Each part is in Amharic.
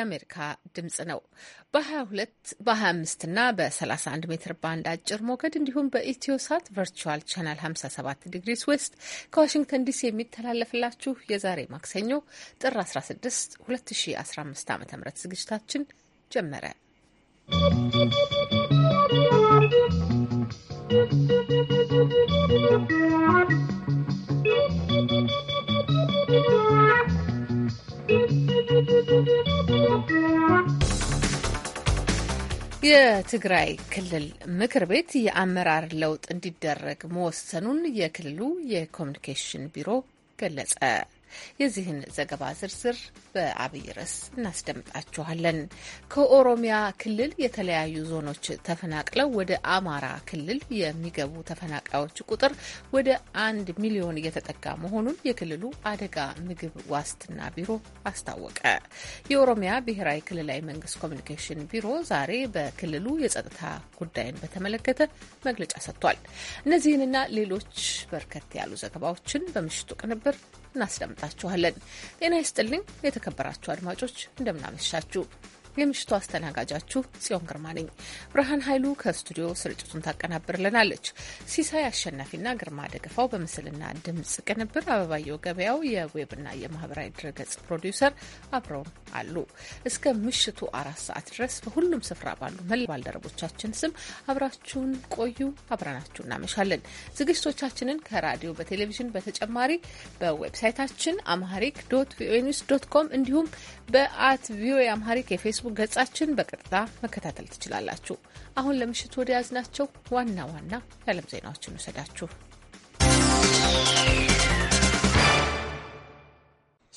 የአሜሪካ ድምጽ ነው። በ22 በ25 እና በ31 ሜትር ባንድ አጭር ሞገድ እንዲሁም ሳት ቨርቹዋል ቻናል 57 ዲግሪስ ዌስት ከዋሽንግተን ዲሲ የሚተላለፍላችሁ የዛሬ ማክሰኞ ጥር 16 2015 ዓ ም ዝግጅታችን ጀመረ። ¶¶ የትግራይ ክልል ምክር ቤት የአመራር ለውጥ እንዲደረግ መወሰኑን የክልሉ የኮሚኒኬሽን ቢሮ ገለጸ። የዚህን ዘገባ ዝርዝር በአብይ ርዕስ እናስደምጣችኋለን። ከኦሮሚያ ክልል የተለያዩ ዞኖች ተፈናቅለው ወደ አማራ ክልል የሚገቡ ተፈናቃዮች ቁጥር ወደ አንድ ሚሊዮን እየተጠጋ መሆኑን የክልሉ አደጋ ምግብ ዋስትና ቢሮ አስታወቀ። የኦሮሚያ ብሔራዊ ክልላዊ መንግስት ኮሚኒኬሽን ቢሮ ዛሬ በክልሉ የጸጥታ ጉዳይን በተመለከተ መግለጫ ሰጥቷል። እነዚህንና ሌሎች በርከት ያሉ ዘገባዎችን በምሽቱ ቅንብር እናስደምጣችኋለን። ጤና ይስጥልኝ የተከበራችሁ አድማጮች እንደምናመሻችሁ የምሽቱ አስተናጋጃችሁ ጽዮን ግርማ ነኝ። ብርሃን ኃይሉ ከስቱዲዮ ስርጭቱን ታቀናብርልናለች። ሲሳይ አሸናፊና ግርማ ደገፋው በምስልና ድምጽ ቅንብር፣ አበባየው ገበያው የዌብና የማህበራዊ ድረገጽ ፕሮዲውሰር አብረውን አሉ። እስከ ምሽቱ አራት ሰዓት ድረስ በሁሉም ስፍራ ባሉ መላ ባልደረቦቻችን ስም አብራችሁን ቆዩ። አብረናችሁ እናመሻለን። ዝግጅቶቻችንን ከራዲዮ በቴሌቪዥን በተጨማሪ በዌብሳይታችን አምሃሪክ ዶት ቪኦኤ ኒውስ ዶት ኮም እንዲሁም በአት ቪኦኤ አምሃሪክ የፌስ በፌስቡክ ገጻችን በቀጥታ መከታተል ትችላላችሁ። አሁን ለምሽቱ ወደ ያዝናቸው ዋና ዋና የዓለም ዜናዎችን ውሰዳችሁ።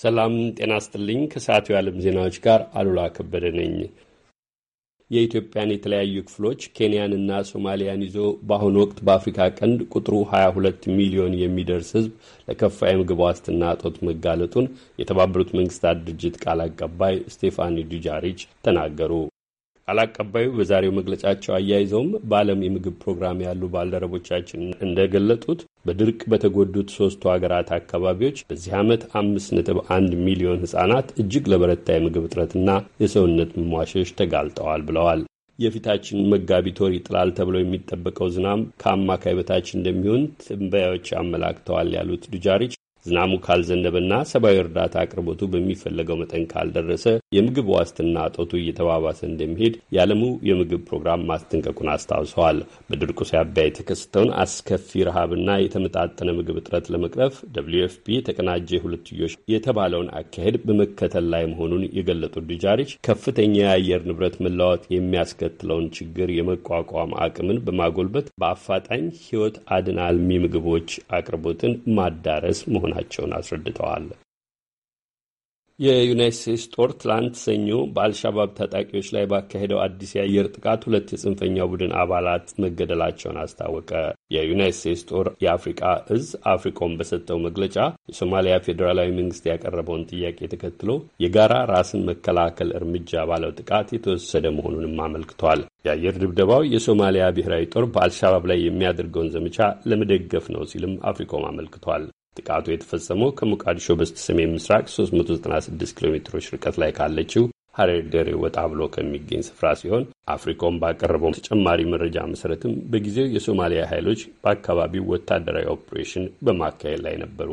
ሰላም ጤና ስጥልኝ። ከሰዓቱ የዓለም ዜናዎች ጋር አሉላ ከበደ ነኝ። የኢትዮጵያን የተለያዩ ክፍሎች ኬንያንና ሶማሊያን ይዞ በአሁኑ ወቅት በአፍሪካ ቀንድ ቁጥሩ 22 ሚሊዮን የሚደርስ ሕዝብ ለከፋ የምግብ ዋስትና እጦት መጋለጡን የተባበሩት መንግስታት ድርጅት ቃል አቀባይ ስቴፋኒ ዱጃሪች ተናገሩ። ቃል አቀባዩ በዛሬው መግለጫቸው አያይዘውም በዓለም የምግብ ፕሮግራም ያሉ ባልደረቦቻችን እንደገለጡት በድርቅ በተጎዱት ሶስቱ ሀገራት አካባቢዎች በዚህ ዓመት አምስት ነጥብ አንድ ሚሊዮን ህጻናት እጅግ ለበረታ የምግብ እጥረትና የሰውነት መሟሸሽ ተጋልጠዋል ብለዋል። የፊታችን መጋቢት ወር ይጥላል ተብሎ የሚጠበቀው ዝናብ ከአማካይ በታች እንደሚሆን ትንበያዎች አመላክተዋል ያሉት ዱጃሪች ዝናሙ ካልዘነበና ሰብአዊ እርዳታ አቅርቦቱ በሚፈለገው መጠን ካልደረሰ የምግብ ዋስትና እጦቱ እየተባባሰ እንደሚሄድ የዓለሙ የምግብ ፕሮግራም ማስጠንቀቁን አስታውሰዋል። በድርቁ ሳቢያ የተከሰተውን አስከፊ ረሃብና የተመጣጠነ ምግብ እጥረት ለመቅረፍ ደብሊው ኤፍ ፒ የተቀናጀ የሁለትዮሽ የተባለውን አካሄድ በመከተል ላይ መሆኑን የገለጡት ዱጃሪች ከፍተኛ የአየር ንብረት መለዋወጥ የሚያስከትለውን ችግር የመቋቋም አቅምን በማጎልበት በአፋጣኝ ሕይወት አድን አልሚ ምግቦች አቅርቦትን ማዳረስ መሆን መሆናቸውን አስረድተዋል። የዩናይት ስቴትስ ጦር ትላንት ሰኞ በአልሻባብ ታጣቂዎች ላይ ባካሄደው አዲስ የአየር ጥቃት ሁለት የጽንፈኛው ቡድን አባላት መገደላቸውን አስታወቀ። የዩናይት ስቴትስ ጦር የአፍሪቃ እዝ አፍሪቆም በሰጠው መግለጫ የሶማሊያ ፌዴራላዊ መንግስት ያቀረበውን ጥያቄ ተከትሎ የጋራ ራስን መከላከል እርምጃ ባለው ጥቃት የተወሰደ መሆኑንም አመልክቷል። የአየር ድብደባው የሶማሊያ ብሔራዊ ጦር በአልሻባብ ላይ የሚያደርገውን ዘመቻ ለመደገፍ ነው ሲልም አፍሪቆም አመልክቷል። ጥቃቱ የተፈጸመው ከሞቃዲሾ በስተ ሰሜን ምስራቅ 396 ኪሎ ሜትሮች ርቀት ላይ ካለችው ሀረር ደሬ ወጣ ብሎ ከሚገኝ ስፍራ ሲሆን አፍሪኮም ባቀረበው ተጨማሪ መረጃ መሰረትም በጊዜው የሶማሊያ ኃይሎች በአካባቢው ወታደራዊ ኦፕሬሽን በማካሄድ ላይ ነበሩ።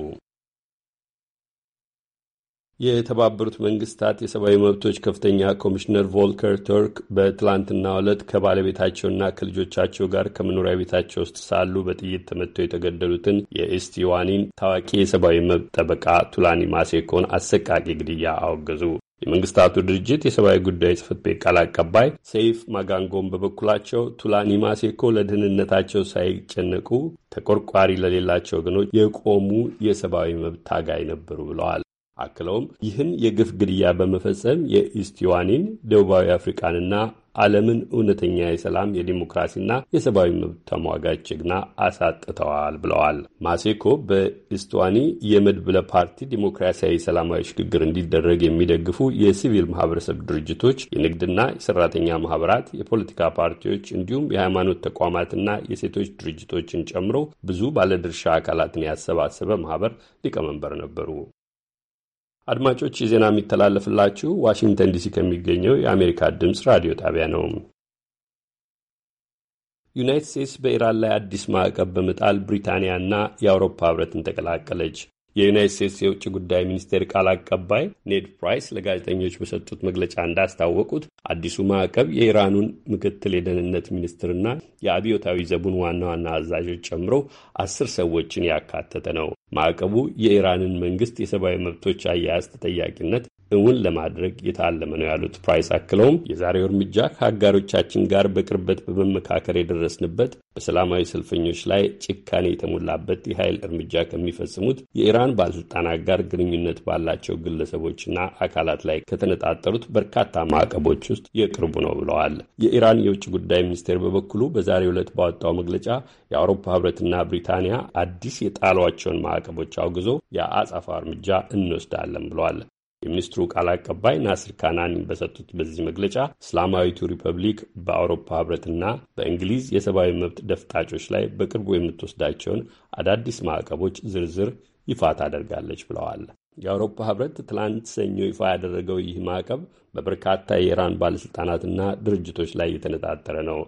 የተባበሩት መንግስታት የሰብአዊ መብቶች ከፍተኛ ኮሚሽነር ቮልከር ቱርክ በትላንትና ዕለት ከባለቤታቸውና ከልጆቻቸው ጋር ከመኖሪያ ቤታቸው ውስጥ ሳሉ በጥይት ተመትተው የተገደሉትን የኢስቲዋኒን ታዋቂ የሰብአዊ መብት ጠበቃ ቱላኒ ማሴኮን አሰቃቂ ግድያ አወገዙ። የመንግስታቱ ድርጅት የሰብአዊ ጉዳይ ጽህፈት ቤት ቃል አቀባይ ሰይፍ ማጋንጎን በበኩላቸው ቱላኒ ማሴኮ ለደህንነታቸው ሳይጨነቁ ተቆርቋሪ ለሌላቸው ወገኖች የቆሙ የሰብአዊ መብት ታጋይ ነበሩ ብለዋል። አክለውም ይህን የግፍ ግድያ በመፈጸም የኢስቲዋኒን ደቡባዊ አፍሪካንና ዓለምን እውነተኛ የሰላም የዲሞክራሲና የሰብአዊ መብት ተሟጋጅ ጀግና አሳጥተዋል ብለዋል። ማሴኮ በኢስቶዋኒ የመድብለ ፓርቲ ዲሞክራሲያዊ ሰላማዊ ሽግግር እንዲደረግ የሚደግፉ የሲቪል ማህበረሰብ ድርጅቶች፣ የንግድና የሰራተኛ ማህበራት፣ የፖለቲካ ፓርቲዎች እንዲሁም የሃይማኖት ተቋማትና የሴቶች ድርጅቶችን ጨምሮ ብዙ ባለድርሻ አካላትን ያሰባሰበ ማህበር ሊቀመንበር ነበሩ። አድማጮች የዜና የሚተላለፍላችሁ ዋሽንግተን ዲሲ ከሚገኘው የአሜሪካ ድምፅ ራዲዮ ጣቢያ ነው። ዩናይትድ ስቴትስ በኢራን ላይ አዲስ ማዕቀብ በመጣል ብሪታንያና የአውሮፓ ህብረትን ተቀላቀለች። የዩናይትድ ስቴትስ የውጭ ጉዳይ ሚኒስቴር ቃል አቀባይ ኔድ ፕራይስ ለጋዜጠኞች በሰጡት መግለጫ እንዳስታወቁት አዲሱ ማዕቀብ የኢራኑን ምክትል የደህንነት ሚኒስትርና የአብዮታዊ ዘቡን ዋና ዋና አዛዦች ጨምሮ አስር ሰዎችን ያካተተ ነው። ማዕቀቡ የኢራንን መንግስት የሰብአዊ መብቶች አያያዝ ተጠያቂነት እውን ለማድረግ የታለመ ነው ያሉት ፕራይስ አክለውም የዛሬው እርምጃ ከአጋሮቻችን ጋር በቅርበት በመመካከር የደረስንበት በሰላማዊ ሰልፈኞች ላይ ጭካኔ የተሞላበት የኃይል እርምጃ ከሚፈጽሙት የኢራን ባለስልጣናት ጋር ግንኙነት ባላቸው ግለሰቦችና አካላት ላይ ከተነጣጠሩት በርካታ ማዕቀቦች ውስጥ የቅርቡ ነው ብለዋል። የኢራን የውጭ ጉዳይ ሚኒስቴር በበኩሉ በዛሬው ዕለት ባወጣው መግለጫ የአውሮፓ ህብረትና ብሪታንያ አዲስ የጣሏቸውን ማ ማዕቀቦች አውግዞ የአጻፋ እርምጃ እንወስዳለን ብለዋል። የሚኒስትሩ ቃል አቀባይ ናስር ካናኒ በሰጡት በዚህ መግለጫ እስላማዊቱ ሪፐብሊክ በአውሮፓ ህብረትና በእንግሊዝ የሰብአዊ መብት ደፍጣጮች ላይ በቅርቡ የምትወስዳቸውን አዳዲስ ማዕቀቦች ዝርዝር ይፋ ታደርጋለች ብለዋል። የአውሮፓ ህብረት ትላንት ሰኞ ይፋ ያደረገው ይህ ማዕቀብ በበርካታ የኢራን ባለሥልጣናትና ድርጅቶች ላይ የተነጣጠረ ነው።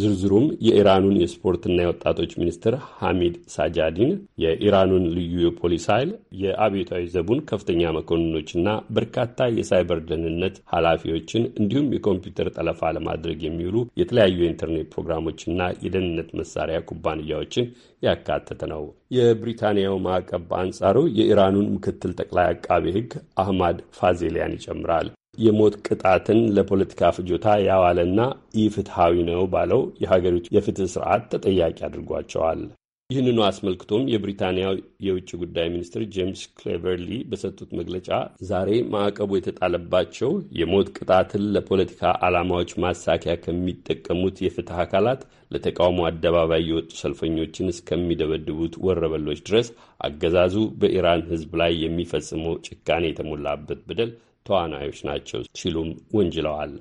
ዝርዝሩም የኢራኑን የስፖርትና የወጣቶች ሚኒስትር ሐሚድ ሳጃዲን፣ የኢራኑን ልዩ የፖሊስ ኃይል፣ የአብዮታዊ ዘቡን ከፍተኛ መኮንኖችና በርካታ የሳይበር ደህንነት ኃላፊዎችን እንዲሁም የኮምፒውተር ጠለፋ ለማድረግ የሚውሉ የተለያዩ የኢንተርኔት ፕሮግራሞችና የደህንነት መሳሪያ ኩባንያዎችን ያካተተ ነው። የብሪታንያው ማዕቀብ በአንጻሩ የኢራኑን ምክትል ጠቅላይ አቃቤ ሕግ አህማድ ፋዜሊያን ይጨምራል። የሞት ቅጣትን ለፖለቲካ ፍጆታ ያዋለና ኢፍትሐዊ ነው ባለው የሀገሪቱ የፍትህ ስርዓት ተጠያቂ አድርጓቸዋል። ይህንኑ አስመልክቶም የብሪታንያው የውጭ ጉዳይ ሚኒስትር ጄምስ ክሌቨርሊ በሰጡት መግለጫ ዛሬ ማዕቀቡ የተጣለባቸው የሞት ቅጣትን ለፖለቲካ ዓላማዎች ማሳኪያ ከሚጠቀሙት የፍትህ አካላት ለተቃውሞ አደባባይ የወጡ ሰልፈኞችን እስከሚደበድቡት ወረበሎች ድረስ አገዛዙ በኢራን ሕዝብ ላይ የሚፈጽመው ጭካኔ የተሞላበት በደል ተዋናዮች ናቸው ሲሉም ወንጅለዋል።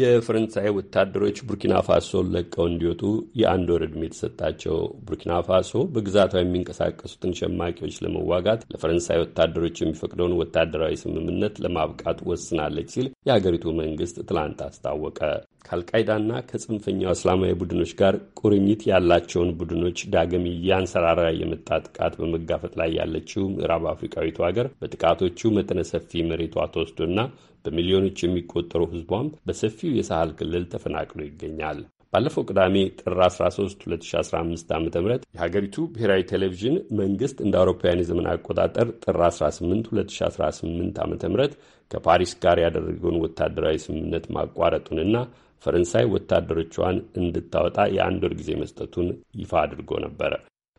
የፈረንሳይ ወታደሮች ቡርኪና ፋሶን ለቀው እንዲወጡ የአንድ ወር ዕድሜ የተሰጣቸው ቡርኪና ፋሶ በግዛቷ የሚንቀሳቀሱትን ሸማቂዎች ለመዋጋት ለፈረንሳይ ወታደሮች የሚፈቅደውን ወታደራዊ ስምምነት ለማብቃት ወስናለች ሲል የአገሪቱ መንግስት ትላንት አስታወቀ። ከአልቃይዳና ከጽንፈኛው እስላማዊ ቡድኖች ጋር ቁርኝት ያላቸውን ቡድኖች ዳግም እያንሰራራ የመጣ ጥቃት በመጋፈጥ ላይ ያለችው ምዕራብ አፍሪካዊቱ ሀገር በጥቃቶቹ መጠነ ሰፊ መሬቷ ተወስዶና በሚሊዮኖች የሚቆጠሩ ህዝቧም በሰፊው የሳህል ክልል ተፈናቅሎ ይገኛል። ባለፈው ቅዳሜ ጥር 13 2015 ዓ ም የሀገሪቱ ብሔራዊ ቴሌቪዥን መንግስት እንደ አውሮፓውያን የዘመን አቆጣጠር ጥር 18 2018 ዓ ም ከፓሪስ ጋር ያደረገውን ወታደራዊ ስምምነት ማቋረጡንና ፈረንሳይ ወታደሮቿን እንድታወጣ የአንድ ወር ጊዜ መስጠቱን ይፋ አድርጎ ነበረ።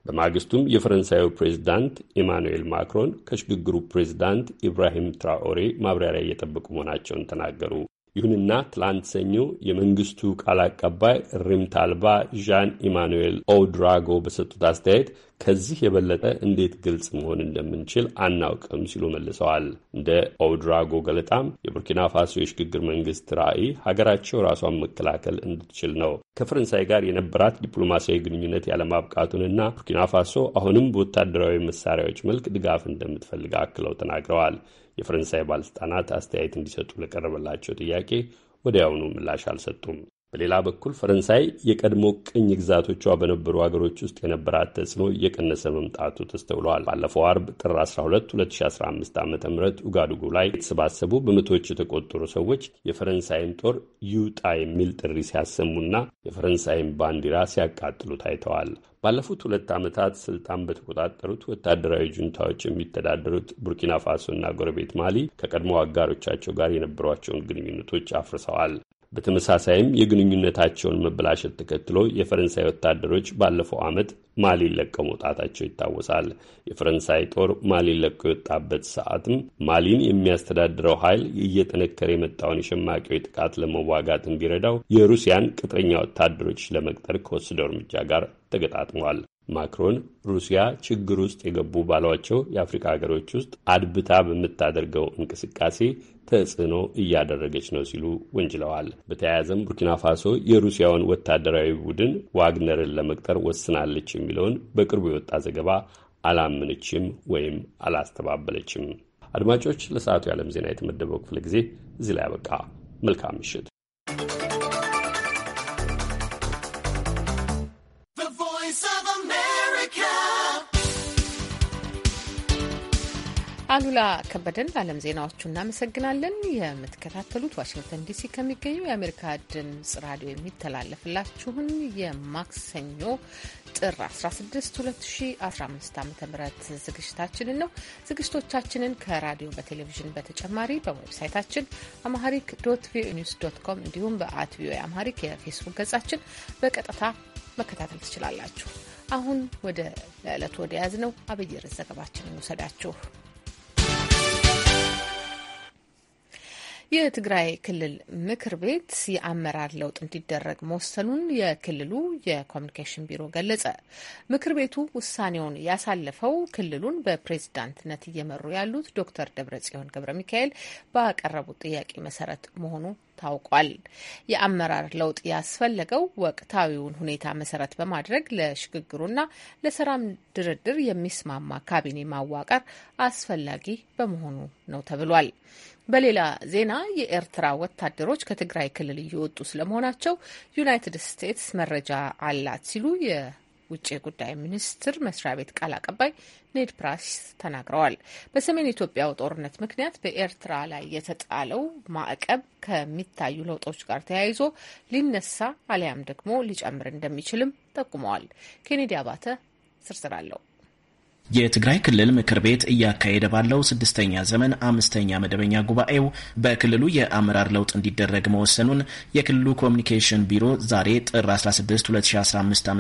በማግስቱም የፈረንሳዩ ፕሬዚዳንት ኢማኑኤል ማክሮን ከሽግግሩ ፕሬዚዳንት ኢብራሂም ትራኦሬ ማብራሪያ እየጠበቁ መሆናቸውን ተናገሩ። ይሁንና ትላንት ሰኞ የመንግስቱ ቃል አቀባይ ሪምታልባ አልባ ዣን ኢማኑኤል ኦድራጎ በሰጡት አስተያየት ከዚህ የበለጠ እንዴት ግልጽ መሆን እንደምንችል አናውቅም ሲሉ መልሰዋል። እንደ ኦድራጎ ገለጣም የቡርኪና ፋሶ የሽግግር መንግስት ራዕይ ሀገራቸው ራሷን መከላከል እንድትችል ነው። ከፈረንሳይ ጋር የነበራት ዲፕሎማሲያዊ ግንኙነት ያለማብቃቱንና ቡርኪና ፋሶ አሁንም በወታደራዊ መሳሪያዎች መልክ ድጋፍ እንደምትፈልግ አክለው ተናግረዋል። የፈረንሳይ ባለስልጣናት አስተያየት እንዲሰጡ ለቀረበላቸው ጥያቄ ወዲያውኑ ምላሽ አልሰጡም። በሌላ በኩል ፈረንሳይ የቀድሞ ቅኝ ግዛቶቿ በነበሩ ሀገሮች ውስጥ የነበራት ተጽዕኖ እየቀነሰ መምጣቱ ተስተውለዋል። ባለፈው አርብ ጥር 12 2015 ዓ ም ኡጋዱጉ ላይ የተሰባሰቡ በመቶዎች የተቆጠሩ ሰዎች የፈረንሳይን ጦር ይውጣ የሚል ጥሪ ሲያሰሙና የፈረንሳይን ባንዲራ ሲያቃጥሉ ታይተዋል። ባለፉት ሁለት ዓመታት ስልጣን በተቆጣጠሩት ወታደራዊ ጁንታዎች የሚተዳደሩት ቡርኪና ፋሶና ጎረቤት ማሊ ከቀድሞ አጋሮቻቸው ጋር የነበሯቸውን ግንኙነቶች አፍርሰዋል። በተመሳሳይም የግንኙነታቸውን መበላሸት ተከትሎ የፈረንሳይ ወታደሮች ባለፈው ዓመት ማሊን ለቀው መውጣታቸው ይታወሳል። የፈረንሳይ ጦር ማሊን ለቆ የወጣበት ሰዓትም ማሊን የሚያስተዳድረው ኃይል እየጠነከረ የመጣውን የሸማቂዎች ጥቃት ለመዋጋት እንዲረዳው የሩሲያን ቅጥረኛ ወታደሮች ለመቅጠር ከወሰደው እርምጃ ጋር ተገጣጥሟል። ማክሮን ሩሲያ ችግር ውስጥ የገቡ ባሏቸው የአፍሪካ ሀገሮች ውስጥ አድብታ በምታደርገው እንቅስቃሴ ተጽዕኖ እያደረገች ነው ሲሉ ወንጅለዋል። በተያያዘም ቡርኪና ፋሶ የሩሲያውን ወታደራዊ ቡድን ዋግነርን ለመቅጠር ወስናለች የሚለውን በቅርቡ የወጣ ዘገባ አላመነችም ወይም አላስተባበለችም። አድማጮች፣ ለሰዓቱ የዓለም ዜና የተመደበው ክፍለ ጊዜ እዚህ ላይ አበቃ። መልካም ምሽት። አሉላ ከበደን ለዓለም ዜናዎቹ እናመሰግናለን። የምትከታተሉት ዋሽንግተን ዲሲ ከሚገኘው የአሜሪካ ድምጽ ራዲዮ የሚተላለፍላችሁን የማክሰኞ ጥር 16 2015 ዓ ም ዝግጅታችንን ነው። ዝግጅቶቻችንን ከራዲዮ በቴሌቪዥን በተጨማሪ በዌብሳይታችን አማሃሪክ ዶት ቪኦኤ ኒውስ ዶት ኮም እንዲሁም በአት ቪኦኤ አማሪክ የፌስቡክ ገጻችን በቀጥታ መከታተል ትችላላችሁ። አሁን ወደ ለዕለቱ ወደ ያዝ ነው አብይ ርዕስ ዘገባችንን ውሰዳችሁ። የትግራይ ክልል ምክር ቤት የአመራር ለውጥ እንዲደረግ መወሰኑን የክልሉ የኮሚኒኬሽን ቢሮ ገለጸ። ምክር ቤቱ ውሳኔውን ያሳለፈው ክልሉን በፕሬዝዳንትነት እየመሩ ያሉት ዶክተር ደብረጽዮን ገብረ ሚካኤል ባቀረቡት ጥያቄ መሰረት መሆኑ ታውቋል። የአመራር ለውጥ ያስፈለገው ወቅታዊውን ሁኔታ መሰረት በማድረግ ለሽግግሩና ለሰላም ድርድር የሚስማማ ካቢኔ ማዋቀር አስፈላጊ በመሆኑ ነው ተብሏል። በሌላ ዜና የኤርትራ ወታደሮች ከትግራይ ክልል እየወጡ ስለመሆናቸው ዩናይትድ ስቴትስ መረጃ አላት ሲሉ ውጭ ጉዳይ ሚኒስትር መስሪያ ቤት ቃል አቀባይ ኔድ ፕራስ ተናግረዋል። በሰሜን ኢትዮጵያው ጦርነት ምክንያት በኤርትራ ላይ የተጣለው ማዕቀብ ከሚታዩ ለውጦች ጋር ተያይዞ ሊነሳ አሊያም ደግሞ ሊጨምር እንደሚችልም ጠቁመዋል። ኬኔዲ አባተ ዝርዝር አለው። የትግራይ ክልል ምክር ቤት እያካሄደ ባለው ስድስተኛ ዘመን አምስተኛ መደበኛ ጉባኤው በክልሉ የአመራር ለውጥ እንዲደረግ መወሰኑን የክልሉ ኮሚኒኬሽን ቢሮ ዛሬ ጥር 16 2015 ዓ ም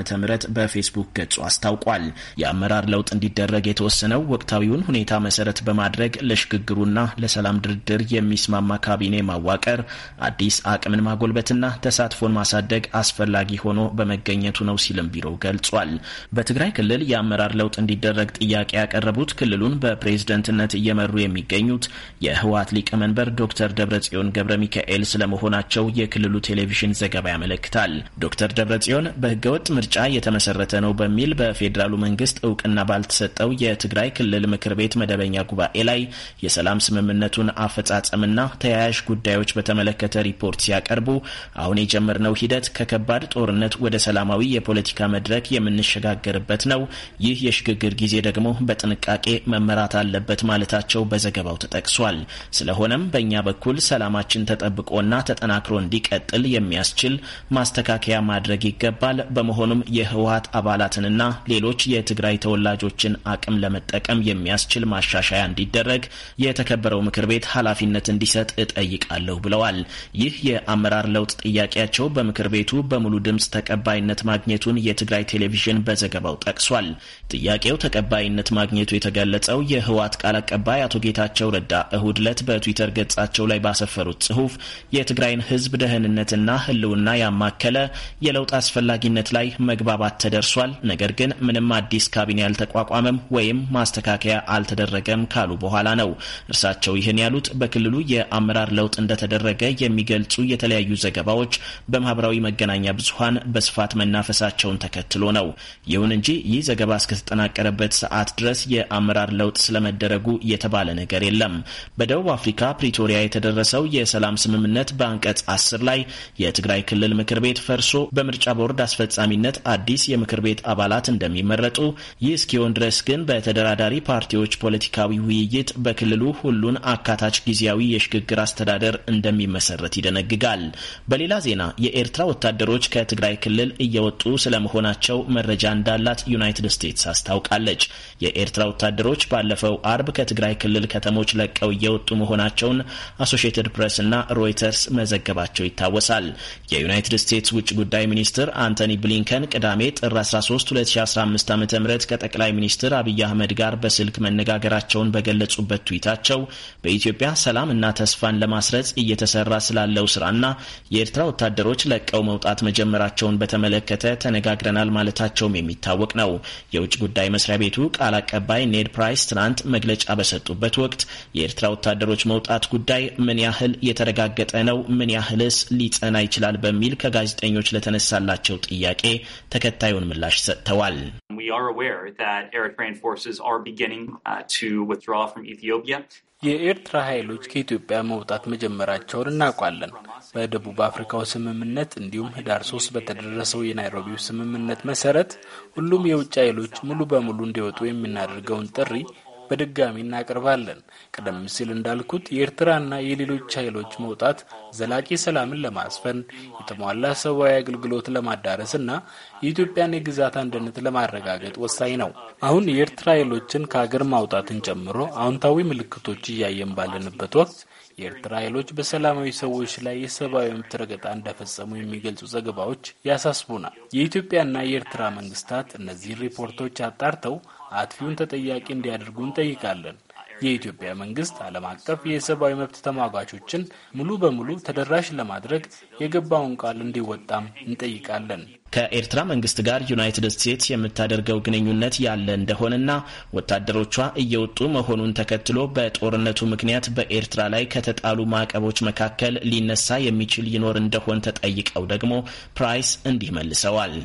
በፌስቡክ ገጹ አስታውቋል። የአመራር ለውጥ እንዲደረግ የተወሰነው ወቅታዊውን ሁኔታ መሰረት በማድረግ ለሽግግሩና ለሰላም ድርድር የሚስማማ ካቢኔ ማዋቀር፣ አዲስ አቅምን ማጎልበትና ተሳትፎን ማሳደግ አስፈላጊ ሆኖ በመገኘቱ ነው ሲልም ቢሮው ገልጿል። በትግራይ ክልል የአመራር ለውጥ እንዲደረግ ጥያቄ ያቀረቡት ክልሉን በፕሬዝደንትነት እየመሩ የሚገኙት የህወሀት ሊቀመንበር ዶክተር ደብረጽዮን ገብረ ሚካኤል ስለመሆናቸው የክልሉ ቴሌቪዥን ዘገባ ያመለክታል። ዶክተር ደብረጽዮን በህገወጥ ምርጫ የተመሰረተ ነው በሚል በፌዴራሉ መንግስት እውቅና ባልተሰጠው የትግራይ ክልል ምክር ቤት መደበኛ ጉባኤ ላይ የሰላም ስምምነቱን አፈጻጸምና ተያያዥ ጉዳዮች በተመለከተ ሪፖርት ሲያቀርቡ አሁን የጀመርነው ሂደት ከከባድ ጦርነት ወደ ሰላማዊ የፖለቲካ መድረክ የምንሸጋገርበት ነው። ይህ የሽግግር ጊዜ ደግሞ በጥንቃቄ መመራት አለበት ማለታቸው በዘገባው ተጠቅሷል። ስለሆነም በእኛ በኩል ሰላማችን ተጠብቆና ተጠናክሮ እንዲቀጥል የሚያስችል ማስተካከያ ማድረግ ይገባል። በመሆኑም የህወሀት አባላትንና ሌሎች የትግራይ ተወላጆችን አቅም ለመጠቀም የሚያስችል ማሻሻያ እንዲደረግ የተከበረው ምክር ቤት ኃላፊነት እንዲሰጥ እጠይቃለሁ ብለዋል። ይህ የአመራር ለውጥ ጥያቄያቸው በምክር ቤቱ በሙሉ ድምፅ ተቀባይነት ማግኘቱን የትግራይ ቴሌቪዥን በዘገባው ጠቅሷል። ጥያቄው ተቀ ተቀባይነት ማግኘቱ የተገለጸው የህወሓት ቃል አቀባይ አቶ ጌታቸው ረዳ እሁድ ዕለት በትዊተር ገጻቸው ላይ ባሰፈሩት ጽሁፍ የትግራይን ህዝብ ደህንነትና ህልውና ያማከለ የለውጥ አስፈላጊነት ላይ መግባባት ተደርሷል፣ ነገር ግን ምንም አዲስ ካቢኔ አልተቋቋመም ወይም ማስተካከያ አልተደረገም ካሉ በኋላ ነው። እርሳቸው ይህን ያሉት በክልሉ የአመራር ለውጥ እንደተደረገ የሚገልጹ የተለያዩ ዘገባዎች በማህበራዊ መገናኛ ብዙሀን በስፋት መናፈሳቸውን ተከትሎ ነው። ይሁን እንጂ ይህ ዘገባ እስከተጠናቀረበት ሰዓት ድረስ የአመራር ለውጥ ስለመደረጉ የተባለ ነገር የለም። በደቡብ አፍሪካ ፕሪቶሪያ የተደረሰው የሰላም ስምምነት በአንቀጽ አስር ላይ የትግራይ ክልል ምክር ቤት ፈርሶ በምርጫ ቦርድ አስፈጻሚነት አዲስ የምክር ቤት አባላት እንደሚመረጡ፣ ይህ እስኪሆን ድረስ ግን በተደራዳሪ ፓርቲዎች ፖለቲካዊ ውይይት በክልሉ ሁሉን አካታች ጊዜያዊ የሽግግር አስተዳደር እንደሚመሰረት ይደነግጋል። በሌላ ዜና የኤርትራ ወታደሮች ከትግራይ ክልል እየወጡ ስለመሆናቸው መረጃ እንዳላት ዩናይትድ ስቴትስ አስታውቃለች። የኤርትራ ወታደሮች ባለፈው አርብ ከትግራይ ክልል ከተሞች ለቀው እየወጡ መሆናቸውን አሶሺየትድ ፕሬስ እና ሮይተርስ መዘገባቸው ይታወሳል። የዩናይትድ ስቴትስ ውጭ ጉዳይ ሚኒስትር አንቶኒ ብሊንከን ቅዳሜ ጥር 13 2015 ዓ ም ከጠቅላይ ሚኒስትር አብይ አህመድ ጋር በስልክ መነጋገራቸውን በገለጹበት ትዊታቸው በኢትዮጵያ ሰላም እና ተስፋን ለማስረጽ እየተሰራ ስላለው ስራና የኤርትራ ወታደሮች ለቀው መውጣት መጀመራቸውን በተመለከተ ተነጋግረናል ማለታቸውም የሚታወቅ ነው። የውጭ ጉዳይ መስሪያ ቤቱ ድርጅቱ ቃል አቀባይ ኔድ ፕራይስ ትናንት መግለጫ በሰጡበት ወቅት የኤርትራ ወታደሮች መውጣት ጉዳይ ምን ያህል የተረጋገጠ ነው፣ ምን ያህልስ ሊጸና ይችላል በሚል ከጋዜጠኞች ለተነሳላቸው ጥያቄ ተከታዩን ምላሽ ሰጥተዋል። የኤርትራ ኃይሎች ከኢትዮጵያ መውጣት መጀመራቸውን እናውቃለን። በደቡብ አፍሪካው ስምምነት እንዲሁም ህዳር ሶስት በተደረሰው የናይሮቢው ስምምነት መሰረት ሁሉም የውጭ ኃይሎች ሙሉ በሙሉ እንዲወጡ የምናደርገውን ጥሪ በድጋሚ እናቀርባለን። ቀደም ሲል እንዳልኩት የኤርትራና የሌሎች ኃይሎች መውጣት ዘላቂ ሰላምን ለማስፈን የተሟላ ሰብአዊ አገልግሎት ለማዳረስና የኢትዮጵያን የግዛት አንድነት ለማረጋገጥ ወሳኝ ነው። አሁን የኤርትራ ኃይሎችን ከሀገር ማውጣትን ጨምሮ አዎንታዊ ምልክቶች እያየን ባለንበት ወቅት የኤርትራ ኃይሎች በሰላማዊ ሰዎች ላይ የሰብአዊ መብት ረገጣ እንደፈጸሙ የሚገልጹ ዘገባዎች ያሳስቡናል። የኢትዮጵያና የኤርትራ መንግስታት እነዚህን ሪፖርቶች አጣርተው አጥፊውን ተጠያቂ እንዲያደርጉ እንጠይቃለን። የኢትዮጵያ መንግስት ዓለም አቀፍ የሰብአዊ መብት ተሟጋቾችን ሙሉ በሙሉ ተደራሽ ለማድረግ የገባውን ቃል እንዲወጣም እንጠይቃለን። ከኤርትራ መንግስት ጋር ዩናይትድ ስቴትስ የምታደርገው ግንኙነት ያለ እንደሆነና ወታደሮቿ እየወጡ መሆኑን ተከትሎ በጦርነቱ ምክንያት በኤርትራ ላይ ከተጣሉ ማዕቀቦች መካከል ሊነሳ የሚችል ይኖር እንደሆን ተጠይቀው ደግሞ ፕራይስ እንዲህ መልሰዋል።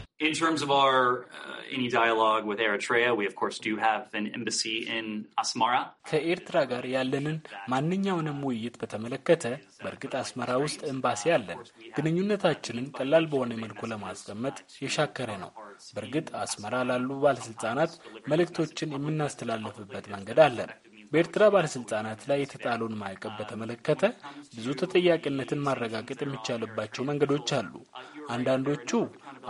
any dialogue with Eritrea, we of course do have an embassy in Asmara. ከኤርትራ ጋር ያለንን ማንኛውንም ውይይት በተመለከተ በእርግጥ አስመራ ውስጥ ኤምባሲ አለን። ግንኙነታችንን ቀላል በሆነ መልኩ ለማስቀመጥ የሻከረ ነው። በእርግጥ አስመራ ላሉ ባለስልጣናት መልእክቶችን የምናስተላለፍበት መንገድ አለን። በኤርትራ ባለስልጣናት ላይ የተጣለውን ማዕቀብ በተመለከተ ብዙ ተጠያቂነትን ማረጋገጥ የሚቻልባቸው መንገዶች አሉ። አንዳንዶቹ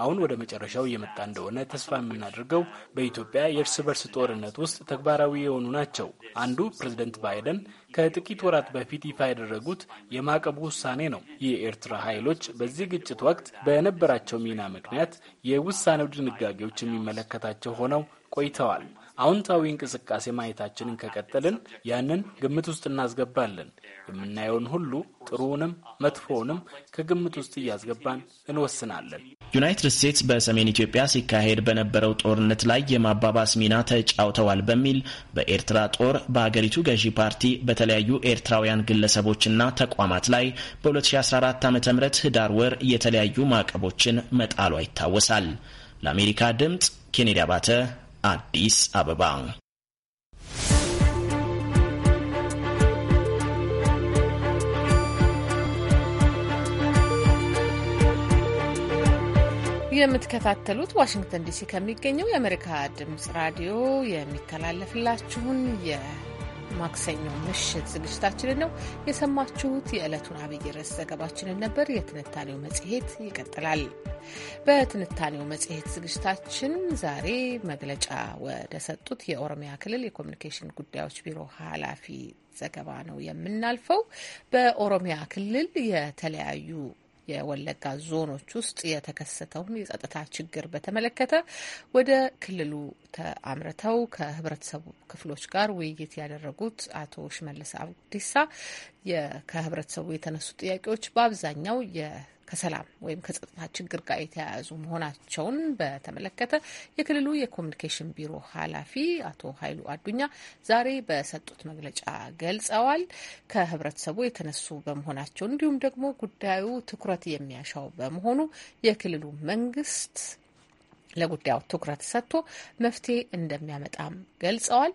አሁን ወደ መጨረሻው እየመጣ እንደሆነ ተስፋ የምናደርገው በኢትዮጵያ የእርስ በርስ ጦርነት ውስጥ ተግባራዊ የሆኑ ናቸው። አንዱ ፕሬዝደንት ባይደን ከጥቂት ወራት በፊት ይፋ ያደረጉት የማዕቀቡ ውሳኔ ነው። የኤርትራ ኃይሎች በዚህ ግጭት ወቅት በነበራቸው ሚና ምክንያት የውሳኔው ድንጋጌዎች የሚመለከታቸው ሆነው ቆይተዋል። አዎንታዊ እንቅስቃሴ ማየታችንን ከቀጠልን ያንን ግምት ውስጥ እናስገባለን። የምናየውን ሁሉ ጥሩውንም መጥፎውንም ከግምት ውስጥ እያስገባን እንወስናለን። ዩናይትድ ስቴትስ በሰሜን ኢትዮጵያ ሲካሄድ በነበረው ጦርነት ላይ የማባባስ ሚና ተጫውተዋል በሚል በኤርትራ ጦር በሀገሪቱ ገዢ ፓርቲ በተለያዩ ኤርትራውያን ግለሰቦችና ተቋማት ላይ በ2014 ዓ ም ህዳር ወር የተለያዩ ማዕቀቦችን መጣሏ ይታወሳል። ለአሜሪካ ድምፅ ኬኔዲ አባተ አዲስ አበባ። የምትከታተሉት ዋሽንግተን ዲሲ ከሚገኘው የአሜሪካ ድምጽ ራዲዮ የሚተላለፍላችሁን ማክሰኞ ምሽት ዝግጅታችንን ነው የሰማችሁት። የዕለቱን አብይ ርዕስ ዘገባችንን ነበር። የትንታኔው መጽሔት ይቀጥላል። በትንታኔው መጽሔት ዝግጅታችን ዛሬ መግለጫ ወደ ሰጡት የኦሮሚያ ክልል የኮሚኒኬሽን ጉዳዮች ቢሮ ኃላፊ ዘገባ ነው የምናልፈው። በኦሮሚያ ክልል የተለያዩ የወለጋ ዞኖች ውስጥ የተከሰተውን የጸጥታ ችግር በተመለከተ ወደ ክልሉ ተአምርተው ከህብረተሰቡ ክፍሎች ጋር ውይይት ያደረጉት አቶ ሽመልስ አብዲሳ ከህብረተሰቡ የተነሱ ጥያቄዎች በአብዛኛው ከሰላም ወይም ከጸጥታ ችግር ጋር የተያያዙ መሆናቸውን በተመለከተ የክልሉ የኮሚኒኬሽን ቢሮ ኃላፊ አቶ ኃይሉ አዱኛ ዛሬ በሰጡት መግለጫ ገልጸዋል። ከህብረተሰቡ የተነሱ በመሆናቸው እንዲሁም ደግሞ ጉዳዩ ትኩረት የሚያሻው በመሆኑ የክልሉ መንግስት ለጉዳዩ ትኩረት ሰጥቶ መፍትሄ እንደሚያመጣም ገልጸዋል።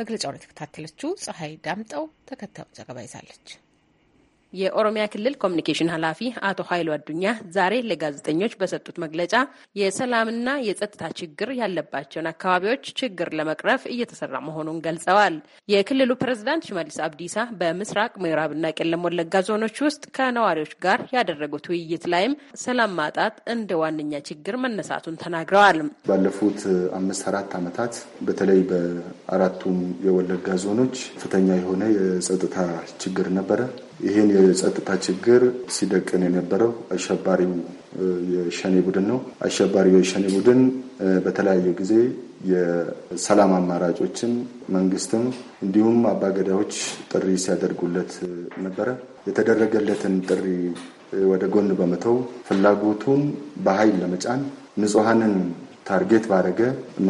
መግለጫውን የተከታተለችው ፀሐይ ዳምጠው ተከታዩን ዘገባ ይዛለች። የኦሮሚያ ክልል ኮሚኒኬሽን ኃላፊ አቶ ኃይሉ አዱኛ ዛሬ ለጋዜጠኞች በሰጡት መግለጫ የሰላምና የጸጥታ ችግር ያለባቸውን አካባቢዎች ችግር ለመቅረፍ እየተሰራ መሆኑን ገልጸዋል። የክልሉ ፕሬዝዳንት ሽመልስ አብዲሳ በምስራቅ ምዕራብና ቄለም ወለጋ ዞኖች ውስጥ ከነዋሪዎች ጋር ያደረጉት ውይይት ላይም ሰላም ማጣት እንደ ዋነኛ ችግር መነሳቱን ተናግረዋል። ባለፉት አምስት አራት ዓመታት በተለይ በአራቱም የወለጋ ዞኖች ከፍተኛ የሆነ የጸጥታ ችግር ነበረ። ይህን የጸጥታ ችግር ሲደቅን የነበረው አሸባሪው የሸኔ ቡድን ነው። አሸባሪው የሸኔ ቡድን በተለያየ ጊዜ የሰላም አማራጮችን መንግስትም እንዲሁም አባገዳዎች ጥሪ ሲያደርጉለት ነበረ። የተደረገለትን ጥሪ ወደ ጎን በመተው ፍላጎቱን በኃይል ለመጫን ንጹሐንን ታርጌት ባደረገ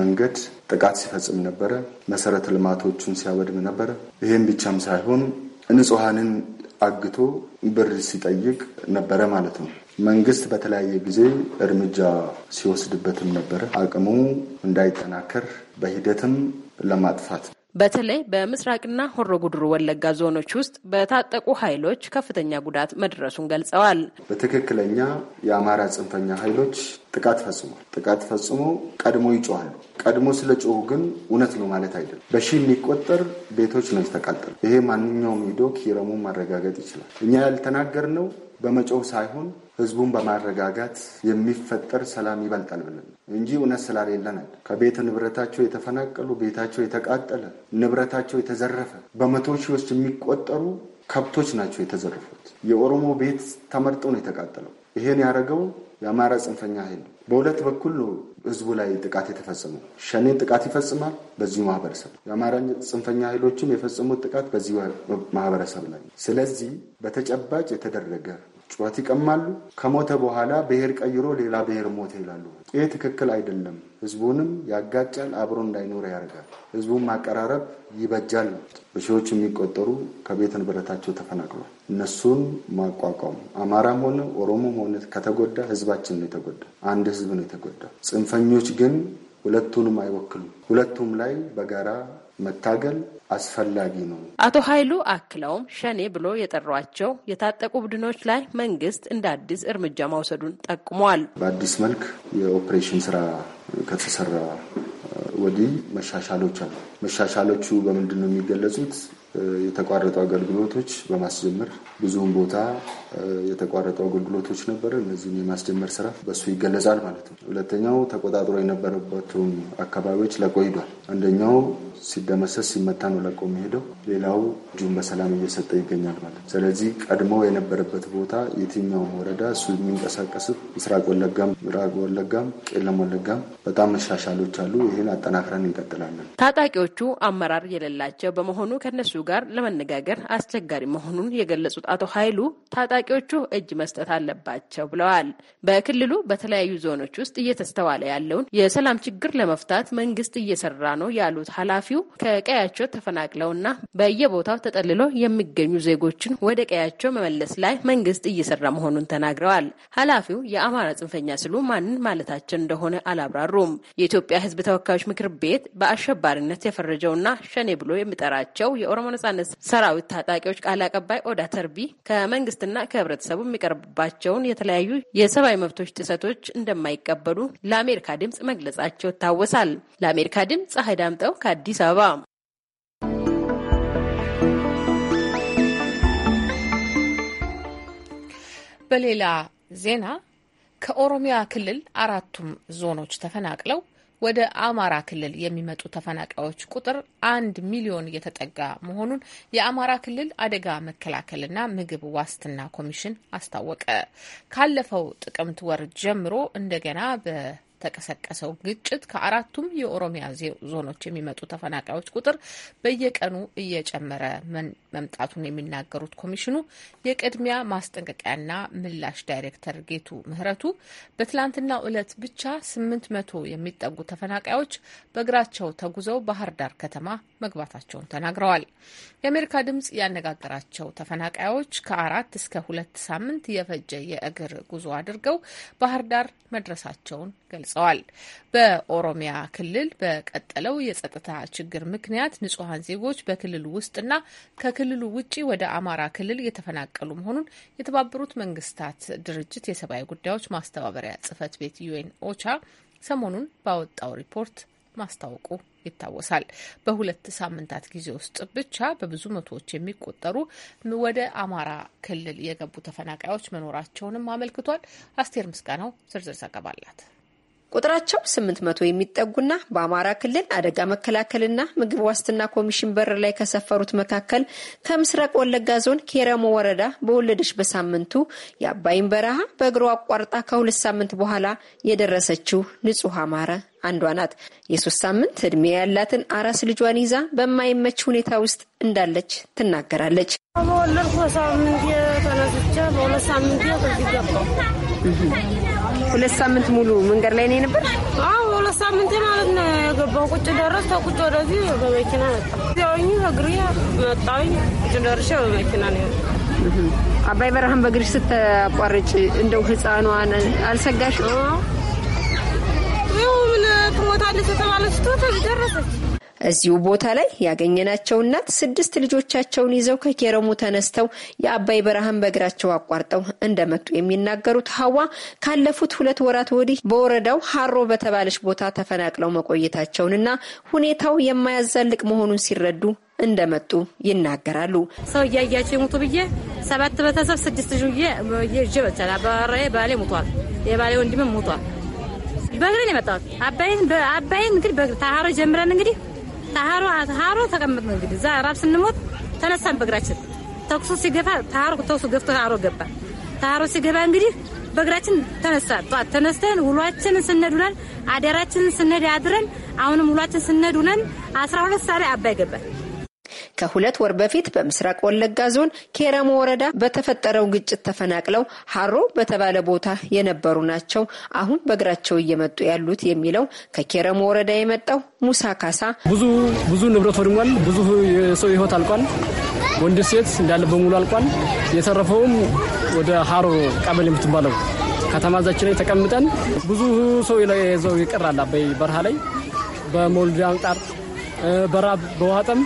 መንገድ ጥቃት ሲፈጽም ነበረ። መሰረተ ልማቶቹን ሲያወድም ነበረ። ይህም ብቻም ሳይሆን ንጹሐንን አግቶ ብር ሲጠይቅ ነበረ ማለት ነው። መንግስት በተለያየ ጊዜ እርምጃ ሲወስድበትም ነበረ። አቅሙ እንዳይጠናከር በሂደትም ለማጥፋት በተለይ በምስራቅና ሆሮ ጉድሩ ወለጋ ዞኖች ውስጥ በታጠቁ ኃይሎች ከፍተኛ ጉዳት መድረሱን ገልጸዋል። በትክክለኛ የአማራ ጽንፈኛ ኃይሎች ጥቃት ፈጽሟል። ጥቃት ፈጽሞ ቀድሞ ይጮኋሉ። ቀድሞ ስለ ጮሁ ግን እውነት ነው ማለት አይደለም። በሺ የሚቆጠር ቤቶች ነው የተቃጠሉ። ይሄ ማንኛውም ሂዶ ኪረሙን ማረጋገጥ ይችላል። እኛ ያልተናገርነው በመጮህ ሳይሆን ህዝቡን በማረጋጋት የሚፈጠር ሰላም ይበልጣል ብለን እንጂ እውነት ስላሌለን ከቤት ንብረታቸው የተፈናቀሉ ቤታቸው የተቃጠለ ንብረታቸው የተዘረፈ በመቶ ሺዎች የሚቆጠሩ ከብቶች ናቸው የተዘረፉት። የኦሮሞ ቤት ተመርጦ ነው የተቃጠለው። ይሄን ያደረገው የአማራ ጽንፈኛ ኃይል ነው። በሁለት በኩል ነው ህዝቡ ላይ ጥቃት የተፈጸመው። ሸኔን ጥቃት ይፈጽማል በዚሁ ማህበረሰብ የአማራ ጽንፈኛ ኃይሎችም የፈጸሙት ጥቃት በዚሁ ማህበረሰብ ላይ። ስለዚህ በተጨባጭ የተደረገ ጩኸት ይቀማሉ። ከሞተ በኋላ ብሔር ቀይሮ ሌላ ብሔር ሞተ ይላሉ። ይህ ትክክል አይደለም። ህዝቡንም ያጋጫል፣ አብሮ እንዳይኖር ያደርጋል። ህዝቡን ማቀራረብ ይበጃል። በሺዎች የሚቆጠሩ ከቤት ንብረታቸው ተፈናቅሏል። እነሱን ማቋቋም አማራም ሆነ ኦሮሞም ሆነ ከተጎዳ ህዝባችን ነው የተጎዳ፣ አንድ ህዝብ ነው የተጎዳ። ጽንፈኞች ግን ሁለቱንም አይወክሉም። ሁለቱም ላይ በጋራ መታገል አስፈላጊ ነው። አቶ ኃይሉ አክለውም ሸኔ ብሎ የጠሯቸው የታጠቁ ቡድኖች ላይ መንግስት እንደ አዲስ እርምጃ መውሰዱን ጠቁመዋል። በአዲስ መልክ የኦፕሬሽን ስራ ከተሰራ ወዲህ መሻሻሎች አሉ። መሻሻሎቹ በምንድን ነው የሚገለጹት? የተቋረጡ አገልግሎቶች በማስጀመር ብዙውን ቦታ የተቋረጡ አገልግሎቶች ነበረ። እነዚህን የማስጀመር ስራ በእሱ ይገለጻል ማለት ነው። ሁለተኛው ተቆጣጥሮ የነበረባቸውን አካባቢዎች ለቆይዷል አንደኛው ሲደመሰስ ሲመታ ነው ለቆ የሚሄደው። ሌላው እጁን በሰላም እየሰጠ ይገኛል ማለት ስለዚህ ቀድሞ የነበረበት ቦታ የትኛውም ወረዳ እሱ የሚንቀሳቀስ ምስራቅ ወለጋም፣ ምዕራብ ወለጋም፣ ቄለም ወለጋም በጣም መሻሻሎች አሉ። ይህን አጠናክረን እንቀጥላለን። ታጣቂዎቹ አመራር የሌላቸው በመሆኑ ከነሱ ጋር ለመነጋገር አስቸጋሪ መሆኑን የገለጹት አቶ ኃይሉ ታጣቂዎቹ እጅ መስጠት አለባቸው ብለዋል። በክልሉ በተለያዩ ዞኖች ውስጥ እየተስተዋለ ያለውን የሰላም ችግር ለመፍታት መንግስት እየሰራ ነው ያሉት ኃላፊ ኃላፊው ከቀያቸው ተፈናቅለውና በየቦታው ተጠልሎ የሚገኙ ዜጎችን ወደ ቀያቸው መመለስ ላይ መንግስት እየሰራ መሆኑን ተናግረዋል። ኃላፊው የአማራ ጽንፈኛ ስሉ ማንን ማለታችን እንደሆነ አላብራሩም። የኢትዮጵያ ሕዝብ ተወካዮች ምክር ቤት በአሸባሪነት የፈረጀውና ሸኔ ብሎ የሚጠራቸው የኦሮሞ ነጻነት ሰራዊት ታጣቂዎች ቃል አቀባይ ኦዳ ተርቢ ከመንግስትና ከህብረተሰቡ የሚቀርብባቸውን የተለያዩ የሰብአዊ መብቶች ጥሰቶች እንደማይቀበሉ ለአሜሪካ ድምጽ መግለጻቸው ይታወሳል። ለአሜሪካ ድምጽ ፀሐይ ዳምጠው ከአዲስ አዲስ አበባ በሌላ ዜና ከኦሮሚያ ክልል አራቱም ዞኖች ተፈናቅለው ወደ አማራ ክልል የሚመጡ ተፈናቃዮች ቁጥር አንድ ሚሊዮን እየተጠጋ መሆኑን የአማራ ክልል አደጋ መከላከልና ምግብ ዋስትና ኮሚሽን አስታወቀ። ካለፈው ጥቅምት ወር ጀምሮ እንደገና በ ተቀሰቀሰው ግጭት ከአራቱም የኦሮሚያ ዞኖች የሚመጡ ተፈናቃዮች ቁጥር በየቀኑ እየጨመረ መምጣቱን የሚናገሩት ኮሚሽኑ የቅድሚያ ማስጠንቀቂያና ምላሽ ዳይሬክተር ጌቱ ምህረቱ በትላንትናው ዕለት ብቻ ስምንት መቶ የሚጠጉ ተፈናቃዮች በእግራቸው ተጉዘው ባህር ዳር ከተማ መግባታቸውን ተናግረዋል። የአሜሪካ ድምጽ ያነጋገራቸው ተፈናቃዮች ከአራት እስከ ሁለት ሳምንት የፈጀ የእግር ጉዞ አድርገው ባህር ዳር መድረሳቸውን ገልጸዋል። በኦሮሚያ ክልል በቀጠለው የጸጥታ ችግር ምክንያት ንጹሐን ዜጎች በክልሉ ውስጥና ከ ከክልሉ ውጪ ወደ አማራ ክልል እየተፈናቀሉ መሆኑን የተባበሩት መንግስታት ድርጅት የሰብአዊ ጉዳዮች ማስተባበሪያ ጽህፈት ቤት ዩኤን ኦቻ ሰሞኑን ባወጣው ሪፖርት ማስታወቁ ይታወሳል። በሁለት ሳምንታት ጊዜ ውስጥ ብቻ በብዙ መቶዎች የሚቆጠሩ ወደ አማራ ክልል የገቡ ተፈናቃዮች መኖራቸውንም አመልክቷል። አስቴር ምስጋናው ዝርዝር ዘገባ አላት። ቁጥራቸው ስምንት መቶ የሚጠጉና በአማራ ክልል አደጋ መከላከልና ምግብ ዋስትና ኮሚሽን በር ላይ ከሰፈሩት መካከል ከምስራቅ ወለጋ ዞን ኬረሞ ወረዳ በወለደች በሳምንቱ የአባይን በረሃ በእግሮ አቋርጣ ከሁለት ሳምንት በኋላ የደረሰችው ንጹህ አማረ አንዷ ናት። የሶስት ሳምንት እድሜ ያላትን አራስ ልጇን ይዛ በማይመች ሁኔታ ውስጥ እንዳለች ትናገራለች። በወለድኩ በሳምንት ተነስቼ በሁለት ሳምንት ገባ ሁለት ሳምንት ሙሉ መንገድ ላይ ነው ነበር። አዎ ሁለት ሳምንት ማለት ነው የገባው። ቁጭ ደረስ ተቁጭ ወደዚህ በመኪና መጣ ሲያወኝ እግሬ መጣኝ። ቁጭ ደርሼ በመኪና ነው አባይ በረሃን በእግርሽ ስታቋርጭ እንደው ህፃኗን አልሰጋሽ? ምን ትሞታለች የተባለች ቶ ደረሰች እዚሁ ቦታ ላይ ያገኘናቸው እናት ስድስት ልጆቻቸውን ይዘው ከኬረሙ ተነስተው የአባይ በረሃን በእግራቸው አቋርጠው እንደመጡ የሚናገሩት ሀዋ ካለፉት ሁለት ወራት ወዲህ በወረዳው ሀሮ በተባለች ቦታ ተፈናቅለው መቆየታቸውንና ሁኔታው የማያዛልቅ መሆኑን ሲረዱ እንደመጡ ይናገራሉ። ሰው እያያቸው የሞቱ ብዬ ሰባት ቤተሰብ ስድስት ልጅ ይዤ በቻለ አባወራዬ ባሌ ሞቷል፣ የባሌ ወንድምም ሞቷል። በእግሬ ነው የመጣሁት። አባይን አባይን እንግዲህ በእግር ተሀሮ ጀምረን እንግዲህ ታሃሮ ተሃሮ ነው እንግዲህ እዛ ራብ ስንሞት ተነሳን በእግራችን። ተኩሱ ሲገፋ ታሃሮ ተኩሱ ገፍቶ ታሃሮ ገባ። ታሃሮ ሲገባ እንግዲህ በእግራችን ተነሳ። ጧት ተነስተን ውሏችንን ስነዱናል። ውለን አደራችንን ስንሄድ አድረን አሁንም ውሏችን ስንሄድ ውለን አስራ ሁለት ሰዓት ላይ አባይ ገባል። ከሁለት ወር በፊት በምስራቅ ወለጋ ዞን ኬረሞ ወረዳ በተፈጠረው ግጭት ተፈናቅለው ሀሮ በተባለ ቦታ የነበሩ ናቸው አሁን በእግራቸው እየመጡ ያሉት የሚለው ከኬረሞ ወረዳ የመጣው ሙሳ ካሳ ብዙ ብዙ ንብረት ወድሟል። ብዙ የሰው ሕይወት አልቋል። ወንድ ሴት እንዳለ በሙሉ አልቋል። የተረፈውም ወደ ሀሮ ቀበሌ የምትባለው ከተማዛችን ላይ ተቀምጠን ብዙ ሰው ይዘው ይቀራል። አበይ በረሃ ላይ በሞልድ አንጣር በራብ በዋጠም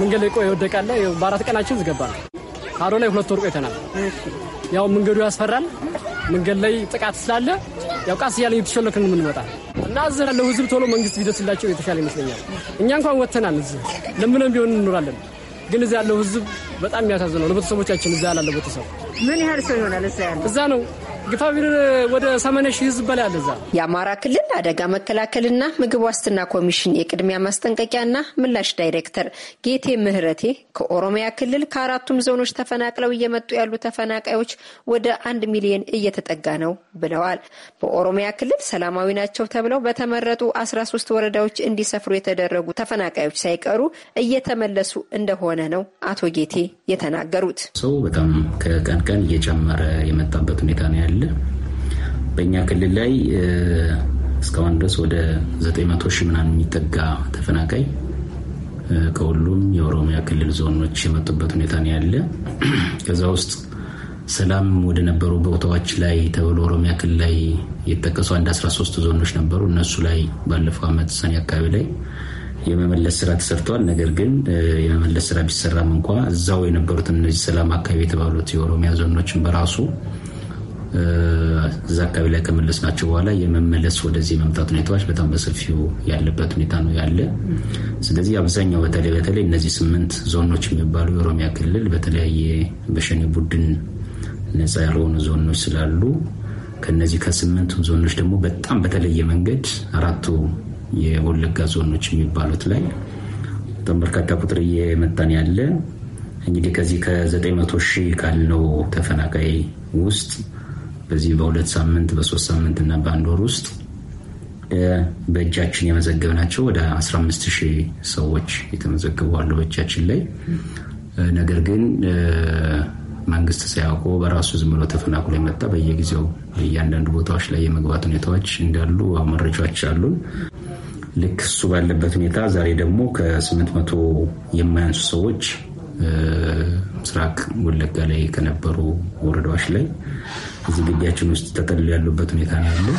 መንገድ ላይ ቆ የወደቃለ በአራት ቀናችን ዝገባ ነው። አሮ ላይ ሁለት ወር ቆይተናል። ያው መንገዱ ያስፈራል። መንገድ ላይ ጥቃት ስላለ ያው ቃስ እያለ የተሸለክን የምንመጣ እና እዚህ ያለው ህዝብ ቶሎ መንግስት ቢደርስላቸው የተሻለ ይመስለኛል። እኛ እንኳን ወጥተናል፣ እዚህ ለምንም ቢሆን እንኖራለን። ግን እዚህ ያለው ህዝብ በጣም የሚያሳዝነው ለቤተሰቦቻችን፣ እዛ ያላለ ቤተሰብ ምን ያህል ሰው ይሆናል? እዛ ያለ እዛ ነው ግፋቢን ወደ ሰማንያ ሺህ ህዝብ በላይ አለ እዛ። የአማራ ክልል አደጋ መከላከልና ምግብ ዋስትና ኮሚሽን የቅድሚያ ማስጠንቀቂያና ምላሽ ዳይሬክተር ጌቴ ምህረቴ ከኦሮሚያ ክልል ከአራቱም ዞኖች ተፈናቅለው እየመጡ ያሉ ተፈናቃዮች ወደ አንድ ሚሊዮን እየተጠጋ ነው ብለዋል። በኦሮሚያ ክልል ሰላማዊ ናቸው ተብለው በተመረጡ አስራ ሶስት ወረዳዎች እንዲሰፍሩ የተደረጉ ተፈናቃዮች ሳይቀሩ እየተመለሱ እንደሆነ ነው አቶ ጌቴ የተናገሩት። ሰው በጣም ከቀን ቀን እየጨመረ የመጣበት ሁኔታ ነው ያለ አለ። በእኛ ክልል ላይ እስካሁን ድረስ ወደ 900 ሺህ ምናምን የሚጠጋ ተፈናቃይ ከሁሉም የኦሮሚያ ክልል ዞኖች የመጡበት ሁኔታ ነው ያለ። ከዛ ውስጥ ሰላም ወደ ነበሩ ቦታዎች ላይ ተብሎ ኦሮሚያ ክልል ላይ የተጠቀሱ አንድ 13 ዞኖች ነበሩ። እነሱ ላይ ባለፈው ዓመት ሰኔ አካባቢ ላይ የመመለስ ስራ ተሰርተዋል። ነገር ግን የመመለስ ስራ ቢሰራም እንኳ እዛው የነበሩት እነዚህ ሰላም አካባቢ የተባሉት የኦሮሚያ ዞኖችን በራሱ እዛ አካባቢ ላይ ከመለስ ናቸው በኋላ የመመለስ ወደዚህ የመምጣት ሁኔታዎች በጣም በሰፊው ያለበት ሁኔታ ነው ያለ። ስለዚህ አብዛኛው በተለይ በተለይ እነዚህ ስምንት ዞኖች የሚባሉ የኦሮሚያ ክልል በተለያየ በሸኔ ቡድን ነጻ ያልሆኑ ዞኖች ስላሉ ከነዚህ ከስምንቱ ዞኖች ደግሞ በጣም በተለየ መንገድ አራቱ የወለጋ ዞኖች የሚባሉት ላይ በጣም በርካታ ቁጥር እየመጣን ያለ እንግዲህ ከዚህ ከዘጠኝ መቶ ሺህ ካልነው ተፈናቃይ ውስጥ በዚህ በሁለት ሳምንት በሶስት ሳምንት እና በአንድ ወር ውስጥ በእጃችን የመዘገብ ናቸው። ወደ 15 ሺህ ሰዎች የተመዘገቡ አሉ በእጃችን ላይ። ነገር ግን መንግስት ሳያውቁ በራሱ ዝም ብሎ ተፈናቅሎ የመጣ በየጊዜው እያንዳንዱ ቦታዎች ላይ የመግባት ሁኔታዎች እንዳሉ መረጃዎች አሉን። ልክ እሱ ባለበት ሁኔታ ዛሬ ደግሞ ከስምንት መቶ የማያንሱ ሰዎች ምስራቅ ወለጋ ላይ ከነበሩ ወረዳዎች ላይ እዚህ ግቢያችን ውስጥ ተጠልሎ ያሉበት ሁኔታ ነው ያለው።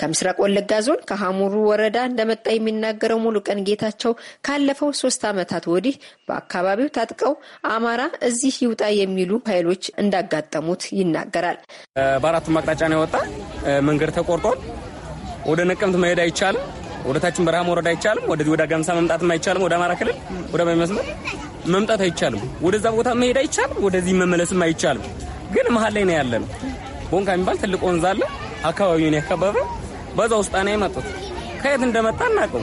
ከምስራቅ ወለጋ ዞን ከሀሙሩ ወረዳ እንደመጣ የሚናገረው ቀን ጌታቸው ካለፈው ሶስት ዓመታት ወዲህ በአካባቢው ታጥቀው አማራ እዚህ ይውጣ የሚሉ ኃይሎች እንዳጋጠሙት ይናገራል። በአራቱም አቅጣጫ ነው የወጣ መንገድ ተቆርጧል። ወደ ነቀምት መሄድ አይቻልም። ወደ ታችን በረሃ መውረድ አይቻልም። ወደዚህ ወደ ገምሳ መምጣትም አይቻልም። ወደ አማራ ክልል ወደ መስመር መምጣት አይቻልም። ወደዛ ቦታ መሄድ አይቻልም። ወደዚህ መመለስም አይቻልም። ግን መሀል ላይ ነው ያለ ቦንካ የሚባል ትልቅ ወንዝ አለ። አካባቢውን ያከበበ በዛ ውስጥ ነው የመጡት። ከየት እንደመጣ እናቀው።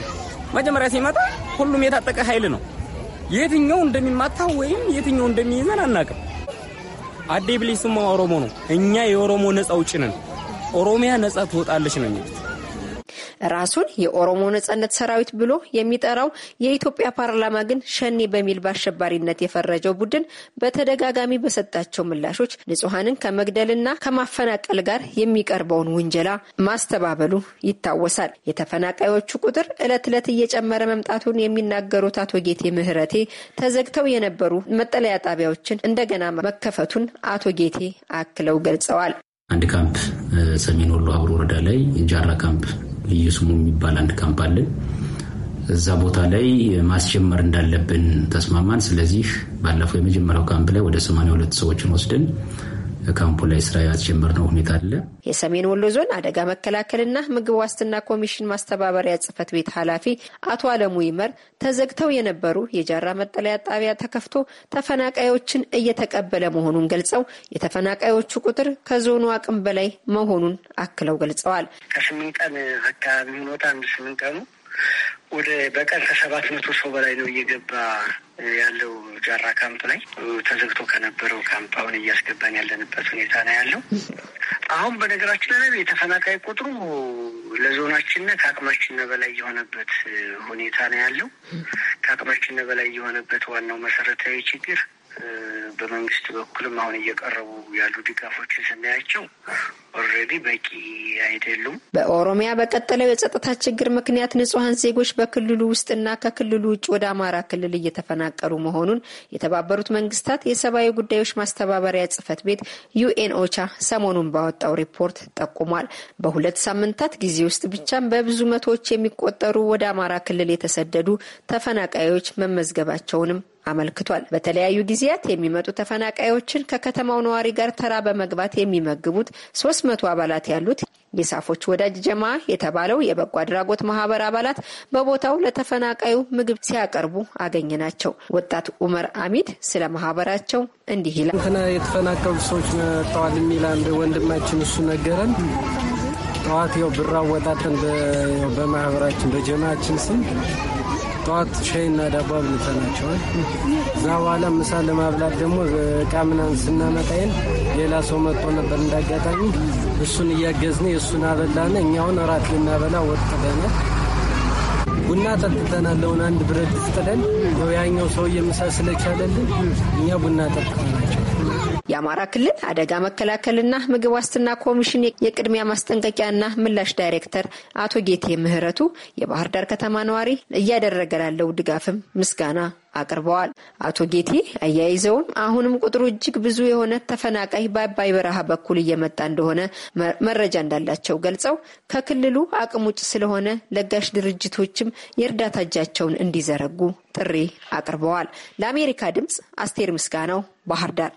መጀመሪያ ሲመጣ ሁሉም የታጠቀ ኃይል ነው። የትኛው እንደሚማታ ወይም የትኛው እንደሚይዘን አናቅም። አዴ ብሊስማ ኦሮሞ ነው። እኛ የኦሮሞ ነፃ አውጪ ነን። ኦሮሚያ ነፃ ትወጣለች ነው የሚሉት ራሱን የኦሮሞ ነጻነት ሰራዊት ብሎ የሚጠራው የኢትዮጵያ ፓርላማ ግን ሸኔ በሚል በአሸባሪነት የፈረጀው ቡድን በተደጋጋሚ በሰጣቸው ምላሾች ንጹሐንን ከመግደልና ከማፈናቀል ጋር የሚቀርበውን ውንጀላ ማስተባበሉ ይታወሳል። የተፈናቃዮቹ ቁጥር ዕለት እለት እየጨመረ መምጣቱን የሚናገሩት አቶ ጌቴ ምህረቴ ተዘግተው የነበሩ መጠለያ ጣቢያዎችን እንደገና መከፈቱን አቶ ጌቴ አክለው ገልጸዋል። አንድ ካምፕ ሰሜን ወሎ ሀብሮ ወረዳ ላይ ጃራ ካምፕ ልዩ ስሙ የሚባል አንድ ካምፕ አለን። እዛ ቦታ ላይ ማስጀመር እንዳለብን ተስማማን። ስለዚህ ባለፈው የመጀመሪያው ካምፕ ላይ ወደ 82 ሰዎችን ወስደን ካምፑ ላይ ስራ ያስጀመርነው ሁኔታ አለ። የሰሜን ወሎ ዞን አደጋ መከላከልና ምግብ ዋስትና ኮሚሽን ማስተባበሪያ ጽህፈት ቤት ኃላፊ አቶ አለሙ ይመር ተዘግተው የነበሩ የጃራ መጠለያ ጣቢያ ተከፍቶ ተፈናቃዮችን እየተቀበለ መሆኑን ገልጸው የተፈናቃዮቹ ቁጥር ከዞኑ አቅም በላይ መሆኑን አክለው ገልጸዋል። ከስምንት ቀን አካባቢ ሆኖት አንድ ስምንት ቀኑ ወደ በቀን ከሰባት መቶ ሰው በላይ ነው እየገባ ያለው ጃራ ካምፕ ላይ ተዘግቶ ከነበረው ካምፕ አሁን እያስገባን ያለንበት ሁኔታ ነው ያለው። አሁን በነገራችን ላይ የተፈናቃይ ቁጥሩ ለዞናችንና ከአቅማችን በላይ የሆነበት ሁኔታ ነው ያለው። ከአቅማችን በላይ የሆነበት ዋናው መሰረታዊ ችግር በመንግስት በኩልም አሁን እየቀረቡ ያሉ ድጋፎችን ስናያቸው ኦልሬዲ በቂ አይደሉም። በኦሮሚያ በቀጠለው የጸጥታ ችግር ምክንያት ንጹሐን ዜጎች በክልሉ ውስጥና ከክልሉ ውጭ ወደ አማራ ክልል እየተፈናቀሉ መሆኑን የተባበሩት መንግስታት የሰብአዊ ጉዳዮች ማስተባበሪያ ጽህፈት ቤት ዩኤን ኦቻ ሰሞኑን ባወጣው ሪፖርት ጠቁሟል። በሁለት ሳምንታት ጊዜ ውስጥ ብቻም በብዙ መቶዎች የሚቆጠሩ ወደ አማራ ክልል የተሰደዱ ተፈናቃዮች መመዝገባቸውንም አመልክቷል። በተለያዩ ጊዜያት የሚመጡ ተፈናቃዮችን ከከተማው ነዋሪ ጋር ተራ በመግባት የሚመግቡት ሶስት መቶ አባላት ያሉት የሳፎች ወዳጅ ጀማ የተባለው የበጎ አድራጎት ማህበር አባላት በቦታው ለተፈናቃዩ ምግብ ሲያቀርቡ አገኘ ናቸው። ወጣት ኡመር አሚድ ስለ ማህበራቸው እንዲህ ይላል። የተፈናቀሉ ሰዎች መጥተዋል የሚል አንድ ወንድማችን እሱ ነገረን። ጠዋት ያው ብር አወጣጠን በማህበራችን በጀማችን ስም ጠዋት ሻይና ዳቦ አብልተናቸዋል። እዛ በኋላ ምሳ ለማብላት ደግሞ እቃ ምናምን ስናመጣይን ሌላ ሰው መጥቶ ነበር እንዳጋጣሚ እሱን እያገዝን የእሱን አበላነ። እኛውን እራት ልናበላ ወጥተናል። ቡና ጠጥተናለውን አንድ ብረት ጥለን ያኛው ሰውዬ እየምሳ ስለቻለልን እኛ ቡና ጠጥተናል። የአማራ ክልል አደጋ መከላከልና ምግብ ዋስትና ኮሚሽን የቅድሚያ ማስጠንቀቂያና ምላሽ ዳይሬክተር አቶ ጌቴ ምህረቱ የባህር ዳር ከተማ ነዋሪ እያደረገ ላለው ድጋፍም ምስጋና አቅርበዋል። አቶ ጌቴ አያይዘውም አሁንም ቁጥሩ እጅግ ብዙ የሆነ ተፈናቃይ በአባይ በረሃ በኩል እየመጣ እንደሆነ መረጃ እንዳላቸው ገልጸው ከክልሉ አቅም ውጭ ስለሆነ ለጋሽ ድርጅቶችም የእርዳታ እጃቸውን እንዲዘረጉ ጥሪ አቅርበዋል። ለአሜሪካ ድምጽ አስቴር ምስጋናው ባህር ዳር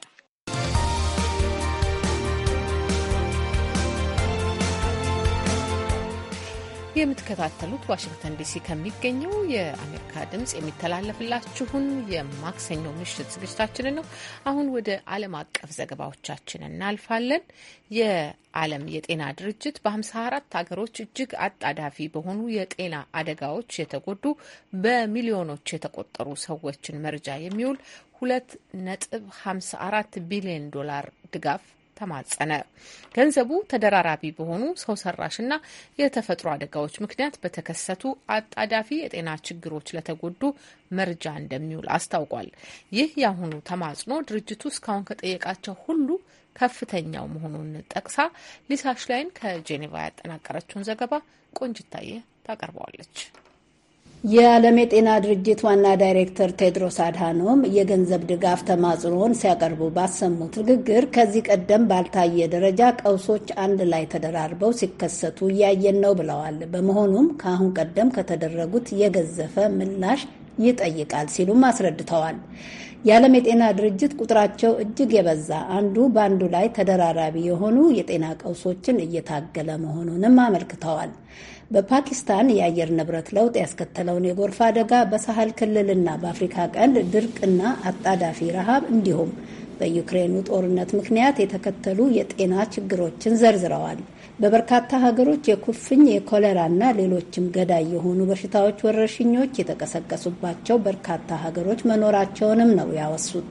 የምትከታተሉት ዋሽንግተን ዲሲ ከሚገኘው የአሜሪካ ድምፅ የሚተላለፍላችሁን የማክሰኞ ምሽት ዝግጅታችንን ነው። አሁን ወደ ዓለም አቀፍ ዘገባዎቻችን እናልፋለን። የዓለም የጤና ድርጅት በ54 ሀገሮች እጅግ አጣዳፊ በሆኑ የጤና አደጋዎች የተጎዱ በሚሊዮኖች የተቆጠሩ ሰዎችን መርጃ የሚውል 54 ቢሊዮን ዶላር ድጋፍ ተማጸነ። ገንዘቡ ተደራራቢ በሆኑ ሰው ሰራሽና የተፈጥሮ አደጋዎች ምክንያት በተከሰቱ አጣዳፊ የጤና ችግሮች ለተጎዱ መርጃ እንደሚውል አስታውቋል። ይህ የአሁኑ ተማጽኖ ድርጅቱ እስካሁን ከጠየቃቸው ሁሉ ከፍተኛው መሆኑን ጠቅሳ ሊሳሽ ላይን ከጄኔቫ ያጠናቀረችውን ዘገባ ቆንጅታየ ታቀርበዋለች። የዓለም የጤና ድርጅት ዋና ዳይሬክተር ቴድሮስ አድሃኖም የገንዘብ ድጋፍ ተማጽኖን ሲያቀርቡ ባሰሙት ንግግር ከዚህ ቀደም ባልታየ ደረጃ ቀውሶች አንድ ላይ ተደራርበው ሲከሰቱ እያየን ነው ብለዋል። በመሆኑም ከአሁን ቀደም ከተደረጉት የገዘፈ ምላሽ ይጠይቃል ሲሉም አስረድተዋል። የዓለም የጤና ድርጅት ቁጥራቸው እጅግ የበዛ አንዱ በአንዱ ላይ ተደራራቢ የሆኑ የጤና ቀውሶችን እየታገለ መሆኑንም አመልክተዋል። በፓኪስታን የአየር ንብረት ለውጥ ያስከተለውን የጎርፍ አደጋ በሳህል ክልልና በአፍሪካ ቀንድ ድርቅና አጣዳፊ ረሃብ እንዲሁም በዩክሬኑ ጦርነት ምክንያት የተከተሉ የጤና ችግሮችን ዘርዝረዋል። በበርካታ ሀገሮች የኩፍኝ፣ የኮሌራና ሌሎችም ገዳይ የሆኑ በሽታዎች ወረርሽኞች የተቀሰቀሱባቸው በርካታ ሀገሮች መኖራቸውንም ነው ያወሱት።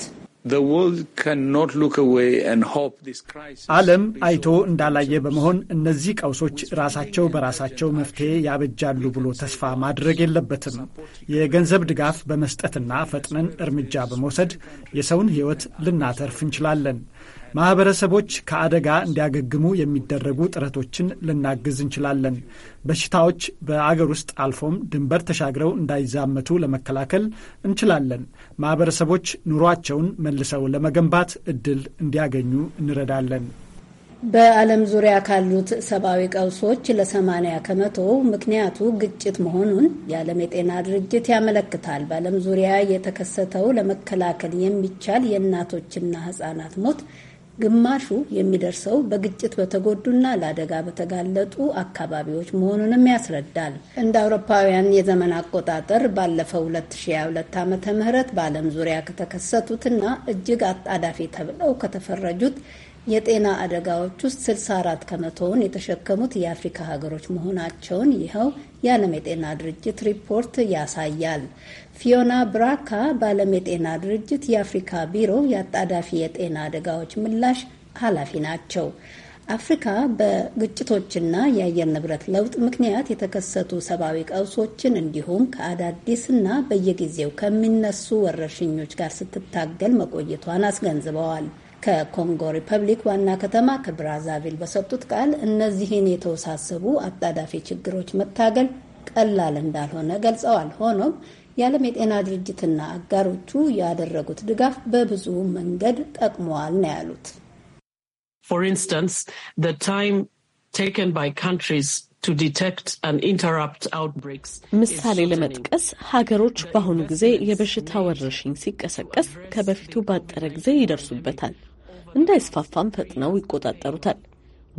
ዓለም አይቶ እንዳላየ በመሆን እነዚህ ቀውሶች ራሳቸው በራሳቸው መፍትሄ ያበጃሉ ብሎ ተስፋ ማድረግ የለበትም። የገንዘብ ድጋፍ በመስጠትና ፈጥነን እርምጃ በመውሰድ የሰውን ሕይወት ልናተርፍ እንችላለን። ማህበረሰቦች ከአደጋ እንዲያገግሙ የሚደረጉ ጥረቶችን ልናግዝ እንችላለን። በሽታዎች በአገር ውስጥ አልፎም ድንበር ተሻግረው እንዳይዛመቱ ለመከላከል እንችላለን። ማህበረሰቦች ኑሯቸውን መልሰው ለመገንባት እድል እንዲያገኙ እንረዳለን። በዓለም ዙሪያ ካሉት ሰብአዊ ቀውሶች ለ80 ከመቶ ምክንያቱ ግጭት መሆኑን የዓለም የጤና ድርጅት ያመለክታል። በዓለም ዙሪያ የተከሰተው ለመከላከል የሚቻል የእናቶችና ህጻናት ሞት ግማሹ የሚደርሰው በግጭት በተጎዱና ለአደጋ በተጋለጡ አካባቢዎች መሆኑንም ያስረዳል። እንደ አውሮፓውያን የዘመን አቆጣጠር ባለፈው 2022 ዓ ም በዓለም ዙሪያ ከተከሰቱትና እጅግ አጣዳፊ ተብለው ከተፈረጁት የጤና አደጋዎች ውስጥ 64 ከመቶውን የተሸከሙት የአፍሪካ ሀገሮች መሆናቸውን ይኸው የዓለም የጤና ድርጅት ሪፖርት ያሳያል። ፊዮና ብራካ በዓለም የጤና ድርጅት የአፍሪካ ቢሮ የአጣዳፊ የጤና አደጋዎች ምላሽ ኃላፊ ናቸው። አፍሪካ በግጭቶችና የአየር ንብረት ለውጥ ምክንያት የተከሰቱ ሰብአዊ ቀውሶችን እንዲሁም ከአዳዲስና በየጊዜው ከሚነሱ ወረርሽኞች ጋር ስትታገል መቆየቷን አስገንዝበዋል። ከኮንጎ ሪፐብሊክ ዋና ከተማ ከብራዛቪል በሰጡት ቃል እነዚህን የተወሳሰቡ አጣዳፊ ችግሮች መታገል ቀላል እንዳልሆነ ገልጸዋል። ሆኖም የዓለም የጤና ድርጅትና አጋሮቹ ያደረጉት ድጋፍ በብዙ መንገድ ጠቅመዋል ነው ያሉት። ፎር ኢንስታንስ ዘ ታይም ቴከን ባይ ካንትሪስ ምሳሌ ለመጥቀስ ሀገሮች በአሁኑ ጊዜ የበሽታ ወረርሽኝ ሲቀሰቀስ ከበፊቱ ባጠረ ጊዜ ይደርሱበታል። እንዳይስፋፋም ፈጥነው ይቆጣጠሩታል።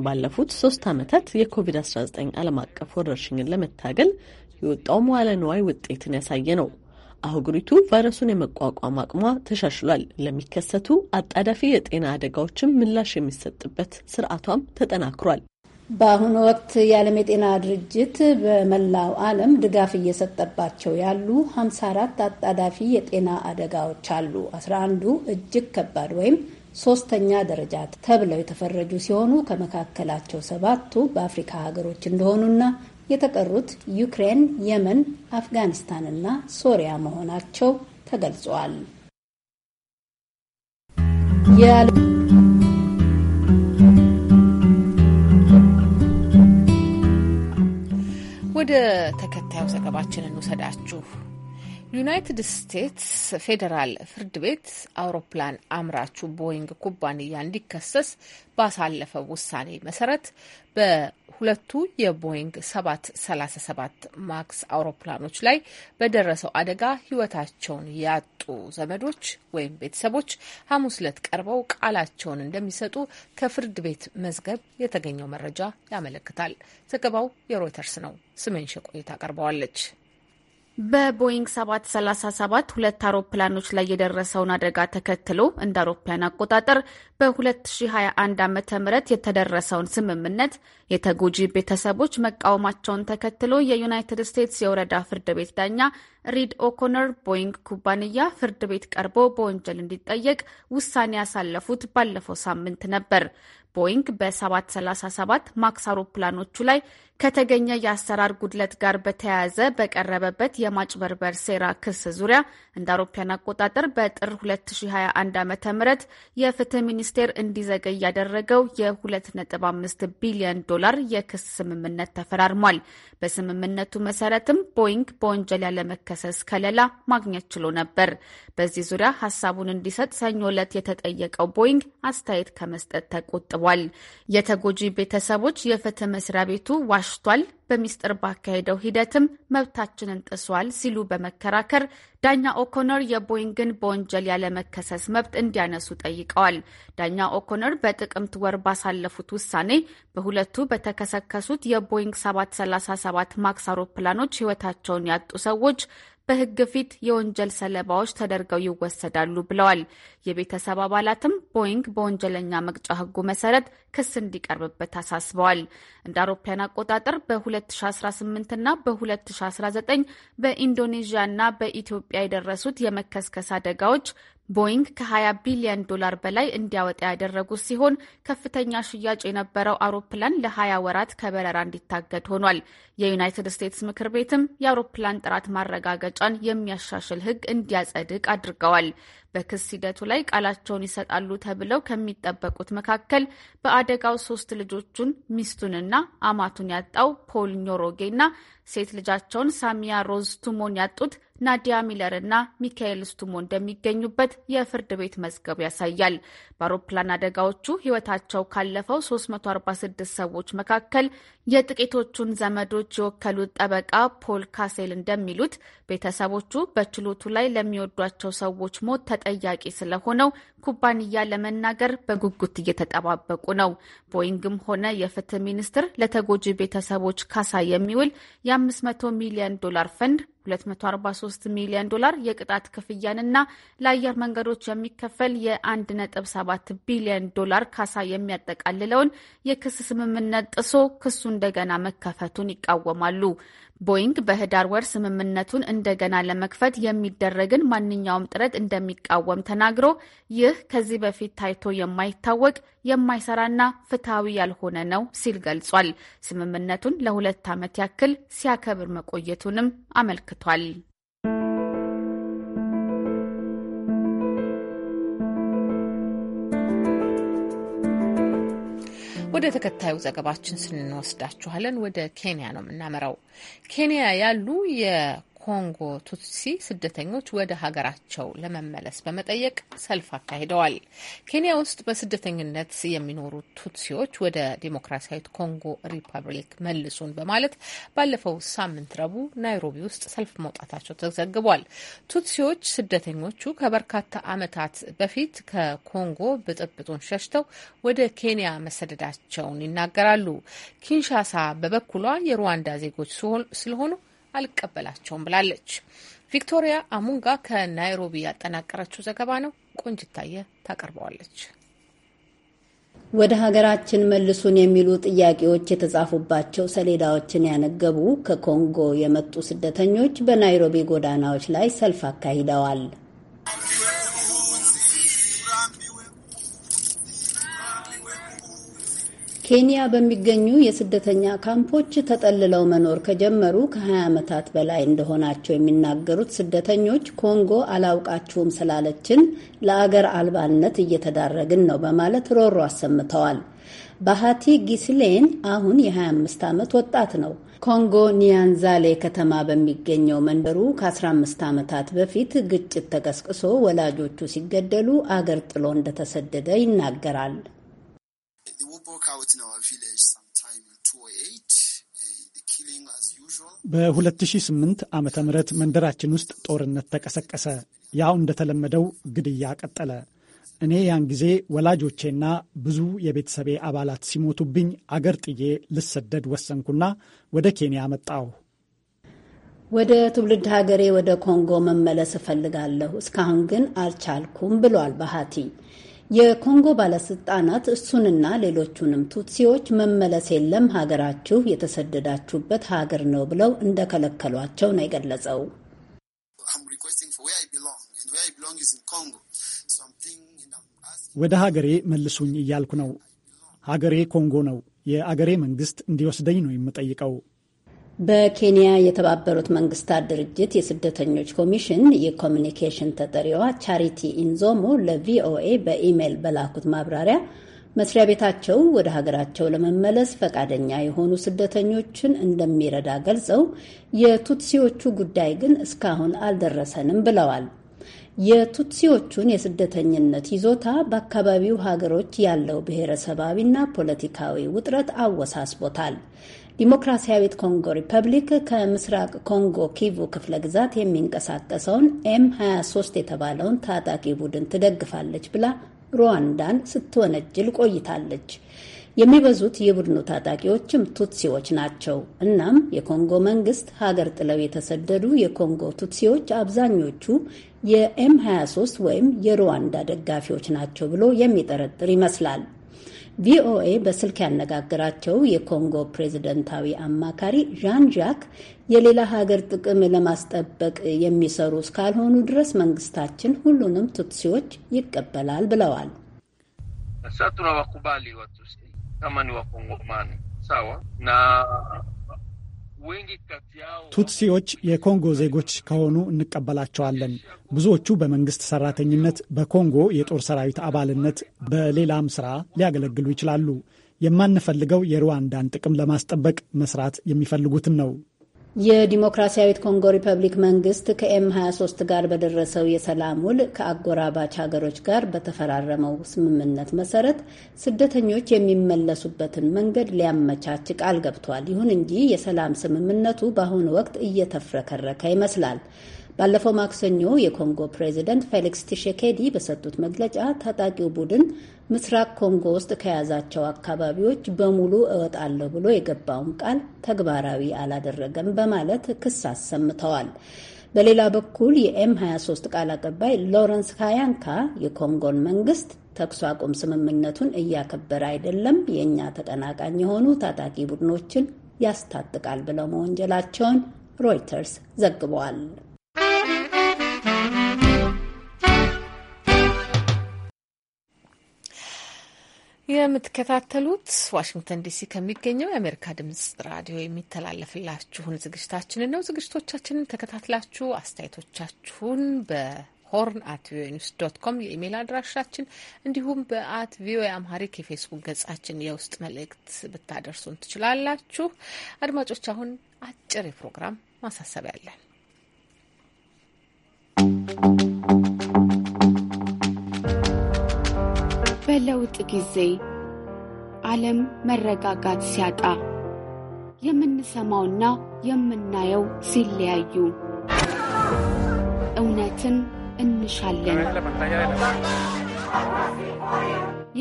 ባለፉት ሶስት ዓመታት የኮቪድ-19 ዓለም አቀፍ ወረርሽኝን ለመታገል የወጣው መዋለ ንዋይ ውጤትን ያሳየ ነው። አህጉሪቱ ቫይረሱን የመቋቋም አቅሟ ተሻሽሏል። ለሚከሰቱ አጣዳፊ የጤና አደጋዎችም ምላሽ የሚሰጥበት ስርዓቷም ተጠናክሯል። በአሁኑ ወቅት የዓለም የጤና ድርጅት በመላው ዓለም ድጋፍ እየሰጠባቸው ያሉ 54 አጣዳፊ የጤና አደጋዎች አሉ። 11ዱ እጅግ ከባድ ወይም ሶስተኛ ደረጃ ተብለው የተፈረጁ ሲሆኑ ከመካከላቸው ሰባቱ በአፍሪካ ሀገሮች እንደሆኑና የተቀሩት ዩክሬን፣ የመን፣ አፍጋኒስታንና ሶሪያ መሆናቸው ተገልጿል። ወደ ተከታዩ ዘገባችን እንውሰዳችሁ። ዩናይትድ ስቴትስ ፌዴራል ፍርድ ቤት አውሮፕላን አምራቹ ቦይንግ ኩባንያ እንዲከሰስ ባሳለፈው ውሳኔ መሰረት በሁለቱ የቦይንግ 737 ማክስ አውሮፕላኖች ላይ በደረሰው አደጋ ሕይወታቸውን ያጡ ዘመዶች ወይም ቤተሰቦች ሐሙስ ዕለት ቀርበው ቃላቸውን እንደሚሰጡ ከፍርድ ቤት መዝገብ የተገኘው መረጃ ያመለክታል። ዘገባው የሮይተርስ ነው። ስመኝሽ ቆይታ ቀርበዋለች። በቦይንግ 737 ሁለት አውሮፕላኖች ላይ የደረሰውን አደጋ ተከትሎ እንደ አውሮፓውያን አቆጣጠር በ2021 ዓ ም የተደረሰውን ስምምነት የተጎጂ ቤተሰቦች መቃወማቸውን ተከትሎ የዩናይትድ ስቴትስ የወረዳ ፍርድ ቤት ዳኛ ሪድ ኦኮነር ቦይንግ ኩባንያ ፍርድ ቤት ቀርቦ በወንጀል እንዲጠየቅ ውሳኔ ያሳለፉት ባለፈው ሳምንት ነበር። ቦይንግ በ737 ማክስ አውሮፕላኖቹ ላይ ከተገኘ የአሰራር ጉድለት ጋር በተያያዘ በቀረበበት የማጭበርበር ሴራ ክስ ዙሪያ እንደ አውሮፓውያን አቆጣጠር በጥር 2021 ዓ ም የፍትህ ሚኒስቴር እንዲዘገይ ያደረገው የ2.5 ቢሊዮን ዶላር የክስ ስምምነት ተፈራርሟል። በስምምነቱ መሰረትም ቦይንግ በወንጀል ያለመከሰስ ከለላ ማግኘት ችሎ ነበር። በዚህ ዙሪያ ሀሳቡን እንዲሰጥ ሰኞ ዕለት የተጠየቀው ቦይንግ አስተያየት ከመስጠት ተቆጥቧል። የተጎጂ ቤተሰቦች የፍትህ መስሪያ ቤቱ ዋሽ አሽቷል፣ በሚስጥር ባካሄደው ሂደትም መብታችንን ጥሷል ሲሉ በመከራከር ዳኛ ኦኮኖር የቦይንግን በወንጀል ያለመከሰስ መብት እንዲያነሱ ጠይቀዋል። ዳኛ ኦኮኖር በጥቅምት ወር ባሳለፉት ውሳኔ በሁለቱ በተከሰከሱት የቦይንግ 737 ማክስ አውሮፕላኖች ሕይወታቸውን ያጡ ሰዎች በሕግ ፊት የወንጀል ሰለባዎች ተደርገው ይወሰዳሉ ብለዋል። የቤተሰብ አባላትም ቦይንግ በወንጀለኛ መቅጫ ሕጉ መሰረት ክስ እንዲቀርብበት አሳስበዋል። እንደ አውሮፓውያን አቆጣጠር በ2018 እና በ2019 በኢንዶኔዥያ እና በኢትዮጵያ የደረሱት የመከስከስ አደጋዎች ቦይንግ ከ20 ቢሊዮን ዶላር በላይ እንዲያወጣ ያደረጉት ሲሆን ከፍተኛ ሽያጭ የነበረው አውሮፕላን ለ20 ወራት ከበረራ እንዲታገድ ሆኗል። የዩናይትድ ስቴትስ ምክር ቤትም የአውሮፕላን ጥራት ማረጋገጫን የሚያሻሽል ሕግ እንዲያጸድቅ አድርገዋል። በክስ ሂደቱ ላይ ቃላቸውን ይሰጣሉ ተብለው ከሚጠበቁት መካከል በአደጋው ሶስት ልጆቹን ሚስቱንና አማቱን ያጣው ፖል ኞሮጌና ሴት ልጃቸውን ሳሚያ ሮዝ ቱሞን ያጡት ናዲያ ሚለር እና ሚካኤል ስቱሞ እንደሚገኙበት የፍርድ ቤት መዝገቡ ያሳያል። በአውሮፕላን አደጋዎቹ ሕይወታቸው ካለፈው 346 ሰዎች መካከል የጥቂቶቹን ዘመዶች የወከሉት ጠበቃ ፖል ካሴል እንደሚሉት ቤተሰቦቹ በችሎቱ ላይ ለሚወዷቸው ሰዎች ሞት ተጠያቂ ስለሆነው ኩባንያ ለመናገር በጉጉት እየተጠባበቁ ነው። ቦይንግም ሆነ የፍትህ ሚኒስቴር ለተጎጂ ቤተሰቦች ካሳ የሚውል የ500 ሚሊዮን ዶላር ፈንድ 243 ሚሊዮን ዶላር የቅጣት ክፍያንና ለአየር መንገዶች የሚከፈል የ1.7 ቢሊዮን ዶላር ካሳ የሚያጠቃልለውን የክስ ስምምነት ጥሶ ክሱ እንደገና መከፈቱን ይቃወማሉ። ቦይንግ በህዳር ወር ስምምነቱን እንደገና ለመክፈት የሚደረግን ማንኛውም ጥረት እንደሚቃወም ተናግሮ ይህ ከዚህ በፊት ታይቶ የማይታወቅ የማይሰራና ፍትሐዊ ያልሆነ ነው ሲል ገልጿል። ስምምነቱን ለሁለት ዓመት ያክል ሲያከብር መቆየቱንም አመልክቷል። ወደ ተከታዩ ዘገባችን ስንወስዳችኋለን። ወደ ኬንያ ነው የምናመራው። ኬንያ ያሉ ኮንጎ ቱትሲ ስደተኞች ወደ ሀገራቸው ለመመለስ በመጠየቅ ሰልፍ አካሂደዋል። ኬንያ ውስጥ በስደተኝነት የሚኖሩ ቱትሲዎች ወደ ዴሞክራሲያዊት ኮንጎ ሪፐብሊክ መልሱን በማለት ባለፈው ሳምንት ረቡዕ ናይሮቢ ውስጥ ሰልፍ መውጣታቸው ተዘግቧል። ቱትሲዎች ስደተኞቹ ከበርካታ ዓመታት በፊት ከኮንጎ ብጥብጡን ሸሽተው ወደ ኬንያ መሰደዳቸውን ይናገራሉ። ኪንሻሳ በበኩሏ የሩዋንዳ ዜጎች ስለሆኑ አልቀበላቸውም ብላለች። ቪክቶሪያ አሙንጋ ከናይሮቢ ያጠናቀረችው ዘገባ ነው። ቆንጅታየ ታቀርበዋለች። ወደ ሀገራችን መልሱን የሚሉ ጥያቄዎች የተጻፉባቸው ሰሌዳዎችን ያነገቡ ከኮንጎ የመጡ ስደተኞች በናይሮቢ ጎዳናዎች ላይ ሰልፍ አካሂደዋል። ኬንያ በሚገኙ የስደተኛ ካምፖች ተጠልለው መኖር ከጀመሩ ከ20 ዓመታት በላይ እንደሆናቸው የሚናገሩት ስደተኞች ኮንጎ አላውቃችሁም ስላለችን ለአገር አልባነት እየተዳረግን ነው በማለት ሮሮ አሰምተዋል። ባህቲ ጊስሌን አሁን የ25 ዓመት ወጣት ነው። ኮንጎ ኒያንዛሌ ከተማ በሚገኘው መንደሩ ከ15 ዓመታት በፊት ግጭት ተቀስቅሶ ወላጆቹ ሲገደሉ አገር ጥሎ እንደተሰደደ ይናገራል። Eh, በ2008 ዓ ምህረት መንደራችን ውስጥ ጦርነት ተቀሰቀሰ። ያው እንደተለመደው ግድያ ቀጠለ። እኔ ያን ጊዜ ወላጆቼና ብዙ የቤተሰቤ አባላት ሲሞቱብኝ አገር ጥዬ ልሰደድ ወሰንኩና ወደ ኬንያ መጣሁ። ወደ ትውልድ ሀገሬ ወደ ኮንጎ መመለስ እፈልጋለሁ፣ እስካሁን ግን አልቻልኩም ብሏል ባሃቲ። የኮንጎ ባለስልጣናት እሱንና ሌሎቹንም ቱትሲዎች መመለስ የለም ሀገራችሁ የተሰደዳችሁበት ሀገር ነው ብለው እንደከለከሏቸው ነው የገለጸው። ወደ ሀገሬ መልሱኝ እያልኩ ነው። ሀገሬ ኮንጎ ነው። የአገሬ መንግስት እንዲወስደኝ ነው የምጠይቀው። በኬንያ የተባበሩት መንግስታት ድርጅት የስደተኞች ኮሚሽን የኮሚኒኬሽን ተጠሪዋ ቻሪቲ ኢንዞሞ ለቪኦኤ በኢሜይል በላኩት ማብራሪያ መስሪያ ቤታቸው ወደ ሀገራቸው ለመመለስ ፈቃደኛ የሆኑ ስደተኞችን እንደሚረዳ ገልጸው የቱትሲዎቹ ጉዳይ ግን እስካሁን አልደረሰንም ብለዋል። የቱትሲዎቹን የስደተኝነት ይዞታ በአካባቢው ሀገሮች ያለው ብሔረሰባዊና ፖለቲካዊ ውጥረት አወሳስቦታል። ዲሞክራሲያዊት ኮንጎ ሪፐብሊክ ከምስራቅ ኮንጎ ኪቩ ክፍለ ግዛት የሚንቀሳቀሰውን ኤም 23 የተባለውን ታጣቂ ቡድን ትደግፋለች ብላ ሩዋንዳን ስትወነጅል ቆይታለች። የሚበዙት የቡድኑ ታጣቂዎችም ቱትሲዎች ናቸው። እናም የኮንጎ መንግስት ሀገር ጥለው የተሰደዱ የኮንጎ ቱትሲዎች አብዛኞቹ የኤም 23 ወይም የሩዋንዳ ደጋፊዎች ናቸው ብሎ የሚጠረጥር ይመስላል። ቪኦኤ በስልክ ያነጋገራቸው የኮንጎ ፕሬዝደንታዊ አማካሪ ዣን ዣክ የሌላ ሀገር ጥቅም ለማስጠበቅ የሚሰሩ እስካልሆኑ ድረስ መንግስታችን ሁሉንም ቱትሲዎች ይቀበላል ብለዋል። ቱትሲዎች የኮንጎ ዜጎች ከሆኑ እንቀበላቸዋለን። ብዙዎቹ በመንግስት ሰራተኝነት፣ በኮንጎ የጦር ሰራዊት አባልነት፣ በሌላም ስራ ሊያገለግሉ ይችላሉ። የማንፈልገው የሩዋንዳን ጥቅም ለማስጠበቅ መስራት የሚፈልጉትን ነው። የዲሞክራሲያዊት ኮንጎ ሪፐብሊክ መንግስት ከኤም 23 ጋር በደረሰው የሰላም ውል ከአጎራባች ሀገሮች ጋር በተፈራረመው ስምምነት መሰረት ስደተኞች የሚመለሱበትን መንገድ ሊያመቻች ቃል ገብቷል። ይሁን እንጂ የሰላም ስምምነቱ በአሁኑ ወቅት እየተፍረከረከ ይመስላል። ባለፈው ማክሰኞ የኮንጎ ፕሬዚደንት ፌሊክስ ቲሸኬዲ በሰጡት መግለጫ ታጣቂው ቡድን ምስራቅ ኮንጎ ውስጥ ከያዛቸው አካባቢዎች በሙሉ እወጣለሁ ብሎ የገባውን ቃል ተግባራዊ አላደረገም በማለት ክስ አሰምተዋል። በሌላ በኩል የኤም 23 ቃል አቀባይ ሎረንስ ካያንካ የኮንጎን መንግስት ተኩስ አቁም ስምምነቱን እያከበረ አይደለም፣ የእኛ ተቀናቃኝ የሆኑ ታጣቂ ቡድኖችን ያስታጥቃል ብለው መወንጀላቸውን ሮይተርስ ዘግበዋል። የምትከታተሉት ዋሽንግተን ዲሲ ከሚገኘው የአሜሪካ ድምጽ ራዲዮ የሚተላለፍላችሁን ዝግጅታችንን ነው። ዝግጅቶቻችንን ተከታትላችሁ አስተያየቶቻችሁን በሆርን አት ቪኦኤ ኒውስ ዶት ኮም የኢሜይል አድራሻችን፣ እንዲሁም በአት ቪኦኤ አምሃሪክ የፌስቡክ ገጻችን የውስጥ መልእክት ብታደርሱን ትችላላችሁ። አድማጮች፣ አሁን አጭር የፕሮግራም ማሳሰቢያ አለን። በለውጥ ጊዜ ዓለም መረጋጋት ሲያጣ የምንሰማውና የምናየው ሲለያዩ እውነትን እንሻለን።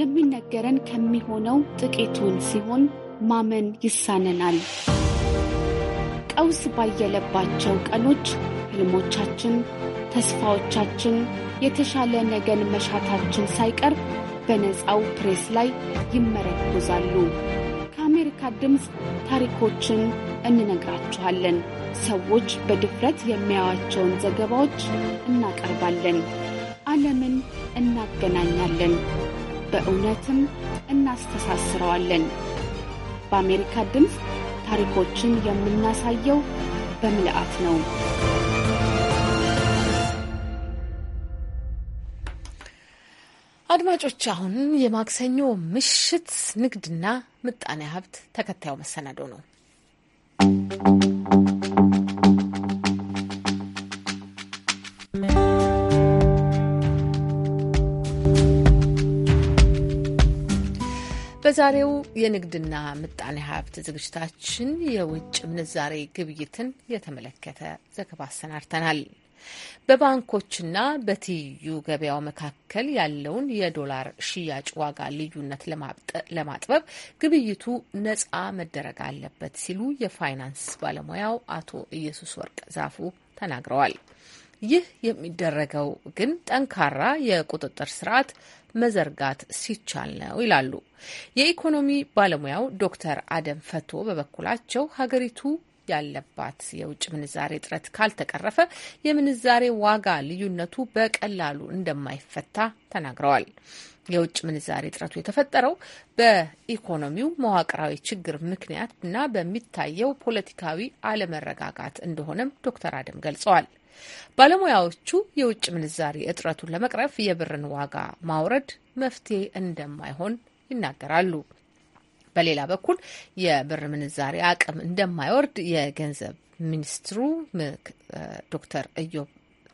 የሚነገረን ከሚሆነው ጥቂቱን ሲሆን ማመን ይሳነናል። ቀውስ ባየለባቸው ቀኖች ህልሞቻችን ተስፋዎቻችን፣ የተሻለ ነገን መሻታችን ሳይቀር በነፃው ፕሬስ ላይ ይመረኮዛሉ። ከአሜሪካ ድምፅ ታሪኮችን እንነግራችኋለን። ሰዎች በድፍረት የሚያያቸውን ዘገባዎች እናቀርባለን። ዓለምን እናገናኛለን፣ በእውነትም እናስተሳስረዋለን። በአሜሪካ ድምፅ ታሪኮችን የምናሳየው በምልአት ነው። አድማጮች፣ አሁን የማክሰኞ ምሽት ንግድና ምጣኔ ሀብት ተከታዩ መሰናዶ ነው። በዛሬው የንግድና ምጣኔ ሀብት ዝግጅታችን የውጭ ምንዛሬ ግብይትን የተመለከተ ዘገባ አሰናድተናል። በባንኮችና በትይዩ ገበያው መካከል ያለውን የዶላር ሽያጭ ዋጋ ልዩነት ለማጥበብ ግብይቱ ነጻ መደረግ አለበት ሲሉ የፋይናንስ ባለሙያው አቶ ኢየሱስ ወርቅ ዛፉ ተናግረዋል። ይህ የሚደረገው ግን ጠንካራ የቁጥጥር ስርዓት መዘርጋት ሲቻል ነው ይላሉ። የኢኮኖሚ ባለሙያው ዶክተር አደም ፈቶ በበኩላቸው ሀገሪቱ ያለባት የውጭ ምንዛሬ እጥረት ካልተቀረፈ የምንዛሬ ዋጋ ልዩነቱ በቀላሉ እንደማይፈታ ተናግረዋል። የውጭ ምንዛሬ እጥረቱ የተፈጠረው በኢኮኖሚው መዋቅራዊ ችግር ምክንያት እና በሚታየው ፖለቲካዊ አለመረጋጋት እንደሆነም ዶክተር አደም ገልጸዋል። ባለሙያዎቹ የውጭ ምንዛሬ እጥረቱን ለመቅረፍ የብርን ዋጋ ማውረድ መፍትሄ እንደማይሆን ይናገራሉ። በሌላ በኩል የብር ምንዛሪ አቅም እንደማይወርድ የገንዘብ ሚኒስትሩ ዶክተር እዮብ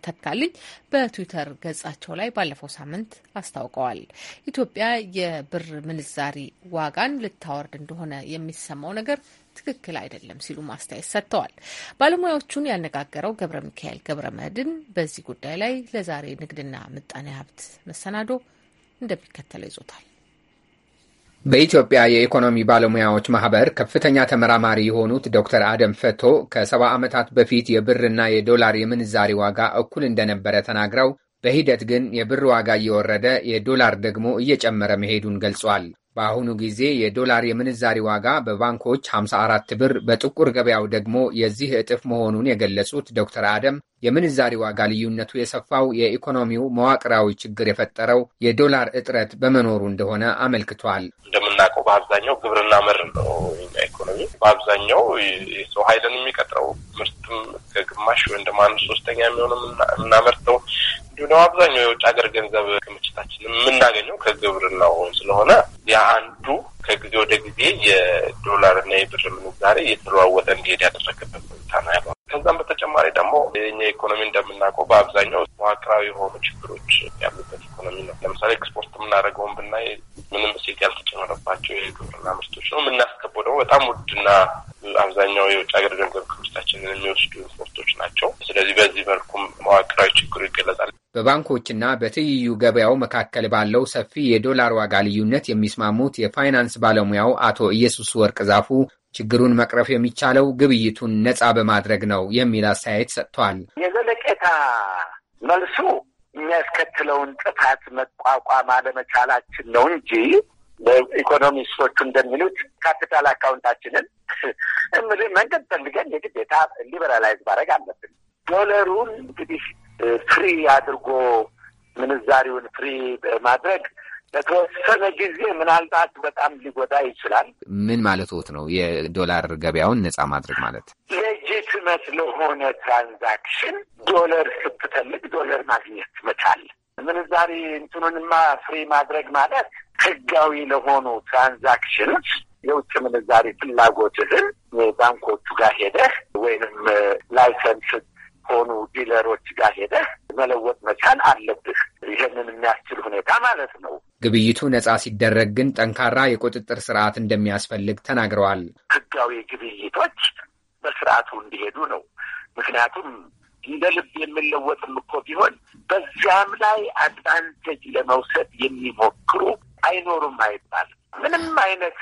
ተካልኝ በትዊተር ገጻቸው ላይ ባለፈው ሳምንት አስታውቀዋል። ኢትዮጵያ የብር ምንዛሪ ዋጋን ልታወርድ እንደሆነ የሚሰማው ነገር ትክክል አይደለም ሲሉ ማስተያየት ሰጥተዋል። ባለሙያዎቹን ያነጋገረው ገብረ ሚካኤል ገብረ መድን በዚህ ጉዳይ ላይ ለዛሬ ንግድና ምጣኔ ሀብት መሰናዶ እንደሚከተለው ይዞታል። በኢትዮጵያ የኢኮኖሚ ባለሙያዎች ማህበር ከፍተኛ ተመራማሪ የሆኑት ዶክተር አደም ፈቶ ከሰባ ዓመታት በፊት የብርና የዶላር የምንዛሪ ዋጋ እኩል እንደነበረ ተናግረው በሂደት ግን የብር ዋጋ እየወረደ የዶላር ደግሞ እየጨመረ መሄዱን ገልጿል። በአሁኑ ጊዜ የዶላር የምንዛሪ ዋጋ በባንኮች 54 ብር በጥቁር ገበያው ደግሞ የዚህ እጥፍ መሆኑን የገለጹት ዶክተር አደም የምንዛሪ ዋጋ ልዩነቱ የሰፋው የኢኮኖሚው መዋቅራዊ ችግር የፈጠረው የዶላር እጥረት በመኖሩ እንደሆነ አመልክቷል። የምናውቀው በአብዛኛው ግብርና መር ነው። የኛ ኢኮኖሚ በአብዛኛው የሰው ኃይልን የሚቀጥረው ምርትም ከግማሽ ወይም ደግሞ አንድ ሶስተኛ የሚሆነ የምናመርተው እንዲሁ ደግሞ አብዛኛው የውጭ ሀገር ገንዘብ ክምችታችን የምናገኘው ከግብርናው ስለሆነ የአንዱ ከጊዜ ወደ ጊዜ የዶላርና የብር ምንዛሬ እየተለዋወጠ እንዲሄድ ያደረገበት ሁኔታ ነው ያለው። ከዛም በተጨማሪ ደግሞ የኛ ኢኮኖሚ እንደምናውቀው በአብዛኛው መዋቅራዊ የሆኑ ችግሮች ያሉበት ኢኮኖሚ ነው። ለምሳሌ ኤክስፖርት የምናደርገውን ብናይ ምንም እሴት ያልተጨመረባቸው የግብርና ምርቶች ነው የምናስገባው። ደግሞ በጣም ውድና አብዛኛው የውጭ ሀገር ገንዘብ ክብስታችንን የሚወስዱ ኢምፖርቶች ናቸው። ስለዚህ በዚህ መልኩም መዋቅራዊ ችግሩ ይገለጻል። በባንኮችና በትይዩ ገበያው መካከል ባለው ሰፊ የዶላር ዋጋ ልዩነት የሚስማሙት የፋይናንስ ባለሙያው አቶ ኢየሱስ ወርቅ ዛፉ ችግሩን መቅረፍ የሚቻለው ግብይቱን ነፃ በማድረግ ነው የሚል አስተያየት ሰጥቷል። የዘለቄታ መልሱ የሚያስከትለውን ጥፋት መቋቋም አለመቻላችን ነው እንጂ በኢኮኖሚስቶቹ እንደሚሉት ካፒታል አካውንታችንን እምልህ መንገድ ፈልገን የግዴታ ሊበራላይዝ ማድረግ አለብን። ዶለሩን እንግዲህ ፍሪ አድርጎ ምንዛሪውን ፍሪ ማድረግ ለተወሰነ ጊዜ ምናልባት በጣም ሊጎዳ ይችላል። ምን ወት ነው? የዶላር ገበያውን ነፃ ማድረግ ማለት ሌጂትመት ለሆነ ትራንዛክሽን ዶለር ስትፈልግ ዶለር ማግኘት መቻል። ምንዛሪ እንትኑንማ ፍሪ ማድረግ ማለት ህጋዊ ለሆኑ ትራንዛክሽኖች የውጭ ምንዛሪ ፍላጎትህን ባንኮቹ ጋር ሄደህ ወይንም ላይሰንስ ከሆኑ ዲለሮች ጋር ሄደህ መለወጥ መቻል አለብህ። ይህንን የሚያስችል ሁኔታ ማለት ነው። ግብይቱ ነፃ ሲደረግ ግን ጠንካራ የቁጥጥር ስርዓት እንደሚያስፈልግ ተናግረዋል። ህጋዊ ግብይቶች በስርዓቱ እንዲሄዱ ነው። ምክንያቱም እንደ ልብ የሚለወጥም እኮ ቢሆን በዚያም ላይ አድቫንቴጅ ለመውሰድ የሚሞክሩ አይኖሩም አይባልም። ምንም አይነት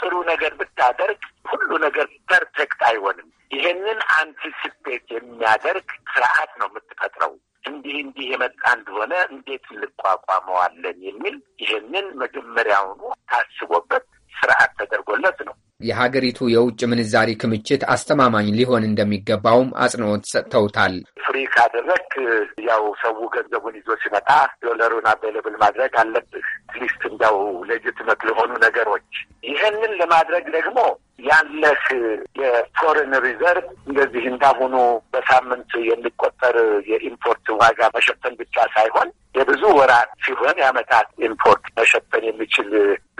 ጥሩ ነገር ብታደርግ ሁሉ ነገር ፐርፌክት አይሆንም። ይሄንን አንቲሲፔት የሚያደርግ ስርዓት ነው የምትፈጥረው። እንዲህ እንዲህ የመጣ እንደሆነ እንዴት እንቋቋመዋለን የሚል ይሄንን መጀመሪያውኑ ታስቦበት ስርዓት ተደርጎለት ነው። የሀገሪቱ የውጭ ምንዛሪ ክምችት አስተማማኝ ሊሆን እንደሚገባውም አጽንኦት ሰጥተውታል። ፍሪ ካደረግ ያው ሰው ገንዘቡን ይዞ ሲመጣ ዶለሩን አቬለብል ማድረግ አለብህ። ሊስት እንዲያው ሌጅትመት ለሆኑ ነገሮች ይህንን ለማድረግ ደግሞ ያለህ የፎሬን ሪዘርቭ እንደዚህ እንዳሁኑ በሳምንት የሚቆጠር የኢምፖርት ዋጋ መሸፈን ብቻ ሳይሆን የብዙ ወራት ሲሆን የአመታት ኢምፖርት መሸፈን የሚችል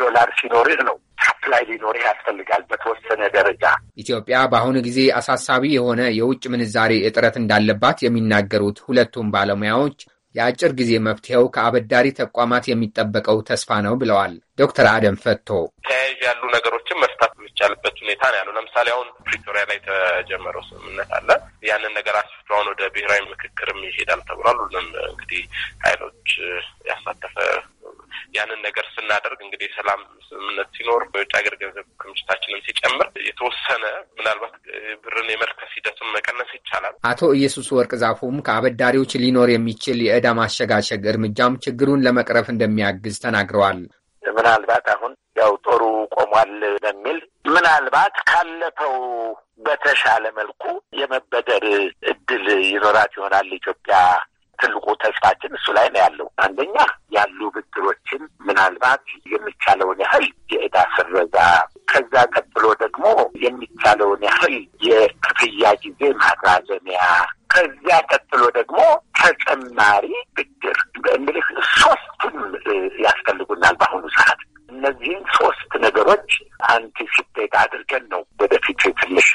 ዶላር ሲኖርህ ነው ሳፕላይ ሊኖር ያስፈልጋል። በተወሰነ ደረጃ ኢትዮጵያ በአሁኑ ጊዜ አሳሳቢ የሆነ የውጭ ምንዛሬ እጥረት እንዳለባት የሚናገሩት ሁለቱም ባለሙያዎች የአጭር ጊዜ መፍትሄው ከአበዳሪ ተቋማት የሚጠበቀው ተስፋ ነው ብለዋል ዶክተር አደም ፈቶ። ተያያዥ ያሉ ነገሮችን መፍታት የሚቻልበት ሁኔታ ነው ያለው። ለምሳሌ አሁን ፕሪቶሪያ ላይ የተጀመረው ስምምነት አለ። ያንን ነገር አስፍቶ አሁን ወደ ብሔራዊ ምክክርም ይሄዳል ተብሏል። ሁሉም እንግዲህ ኃይሎች ያሳተፈ ያንን ነገር ስናደርግ እንግዲህ የሰላም ስምምነት ሲኖር በውጭ ሀገር ገንዘብ ክምችታችንን ሲጨምር የተወሰነ ምናልባት ብርን የመርከስ ሂደቱን መቀነስ ይቻላል። አቶ ኢየሱስ ወርቅ ዛፉም ከአበዳሪዎች ሊኖር የሚችል የእዳ ማሸጋሸግ እርምጃም ችግሩን ለመቅረፍ እንደሚያግዝ ተናግረዋል። ምናልባት አሁን ያው ጦሩ ቆሟል በሚል ምናልባት ካለፈው በተሻለ መልኩ የመበደር እድል ይኖራት ይሆናል ኢትዮጵያ ትልቁ ተስፋችን እሱ ላይ ነው ያለው። አንደኛ ያሉ ብድሮችን ምናልባት የሚቻለውን ያህል የእዳ ስረዛ፣ ከዛ ቀጥሎ ደግሞ የሚቻለውን ያህል የክፍያ ጊዜ ማራዘሚያ፣ ከዚያ ቀጥሎ ደግሞ ተጨማሪ ብድር እንግዲህ ሶስቱም ያስፈልጉናል በአሁኑ ሰዓት። እነዚህን ሶስት ነገሮች አንቲሲፔት አድርገን ነው ወደፊት ትንሽ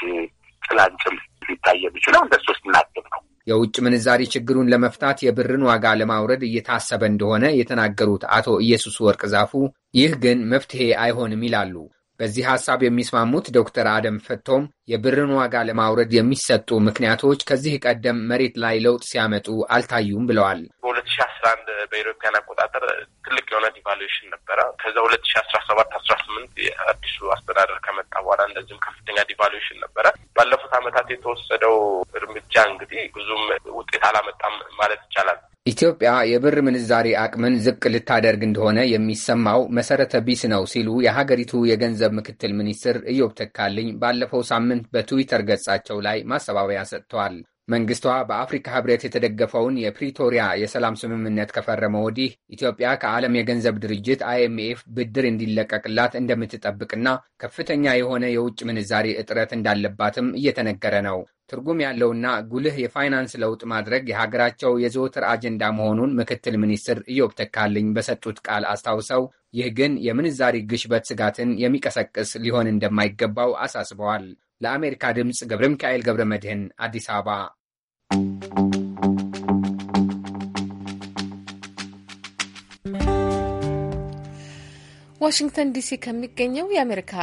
ጭላንጭል ሊታይ የሚችለው እንደ ሶስት እናድብ ነው። የውጭ ምንዛሪ ችግሩን ለመፍታት የብርን ዋጋ ለማውረድ እየታሰበ እንደሆነ የተናገሩት አቶ ኢየሱስ ወርቅ ዛፉ ይህ ግን መፍትሄ አይሆንም ይላሉ። በዚህ ሐሳብ የሚስማሙት ዶክተር አደም ፈቶም የብርን ዋጋ ለማውረድ የሚሰጡ ምክንያቶች ከዚህ ቀደም መሬት ላይ ለውጥ ሲያመጡ አልታዩም ብለዋል። በሁለት ሺ አስራ አንድ በኢትዮጵያን አቆጣጠር ትልቅ የሆነ ዲቫሉዌሽን ነበረ። ከዛ ሁለት ሺ አስራ ሰባት አስራ ስምንት አዲሱ አስተዳደር ከመጣ በኋላ እንደዚህም ከፍተኛ ዲቫሉዌሽን ነበረ። ባለፉት ዓመታት የተወሰደው እርምጃ እንግዲህ ብዙም ውጤት አላመጣም ማለት ይቻላል። ኢትዮጵያ የብር ምንዛሪ አቅምን ዝቅ ልታደርግ እንደሆነ የሚሰማው መሰረተ ቢስ ነው ሲሉ የሀገሪቱ የገንዘብ ምክትል ሚኒስትር እዮብ ተካልኝ ባለፈው ሳምንት በትዊተር ገጻቸው ላይ ማስተባበያ ሰጥተዋል። መንግስቷ በአፍሪካ ህብረት የተደገፈውን የፕሪቶሪያ የሰላም ስምምነት ከፈረመ ወዲህ ኢትዮጵያ ከዓለም የገንዘብ ድርጅት አይኤምኤፍ ብድር እንዲለቀቅላት እንደምትጠብቅና ከፍተኛ የሆነ የውጭ ምንዛሪ እጥረት እንዳለባትም እየተነገረ ነው። ትርጉም ያለውና ጉልህ የፋይናንስ ለውጥ ማድረግ የሀገራቸው የዘወትር አጀንዳ መሆኑን ምክትል ሚኒስትር ኢዮብ ተካልኝ በሰጡት ቃል አስታውሰው፣ ይህ ግን የምንዛሪ ግሽበት ስጋትን የሚቀሰቅስ ሊሆን እንደማይገባው አሳስበዋል። ለአሜሪካ ድምፅ ገብረ ሚካኤል ገብረ መድህን አዲስ አበባ ዋሽንግተን ዲሲ ከሚገኘው የአሜሪካ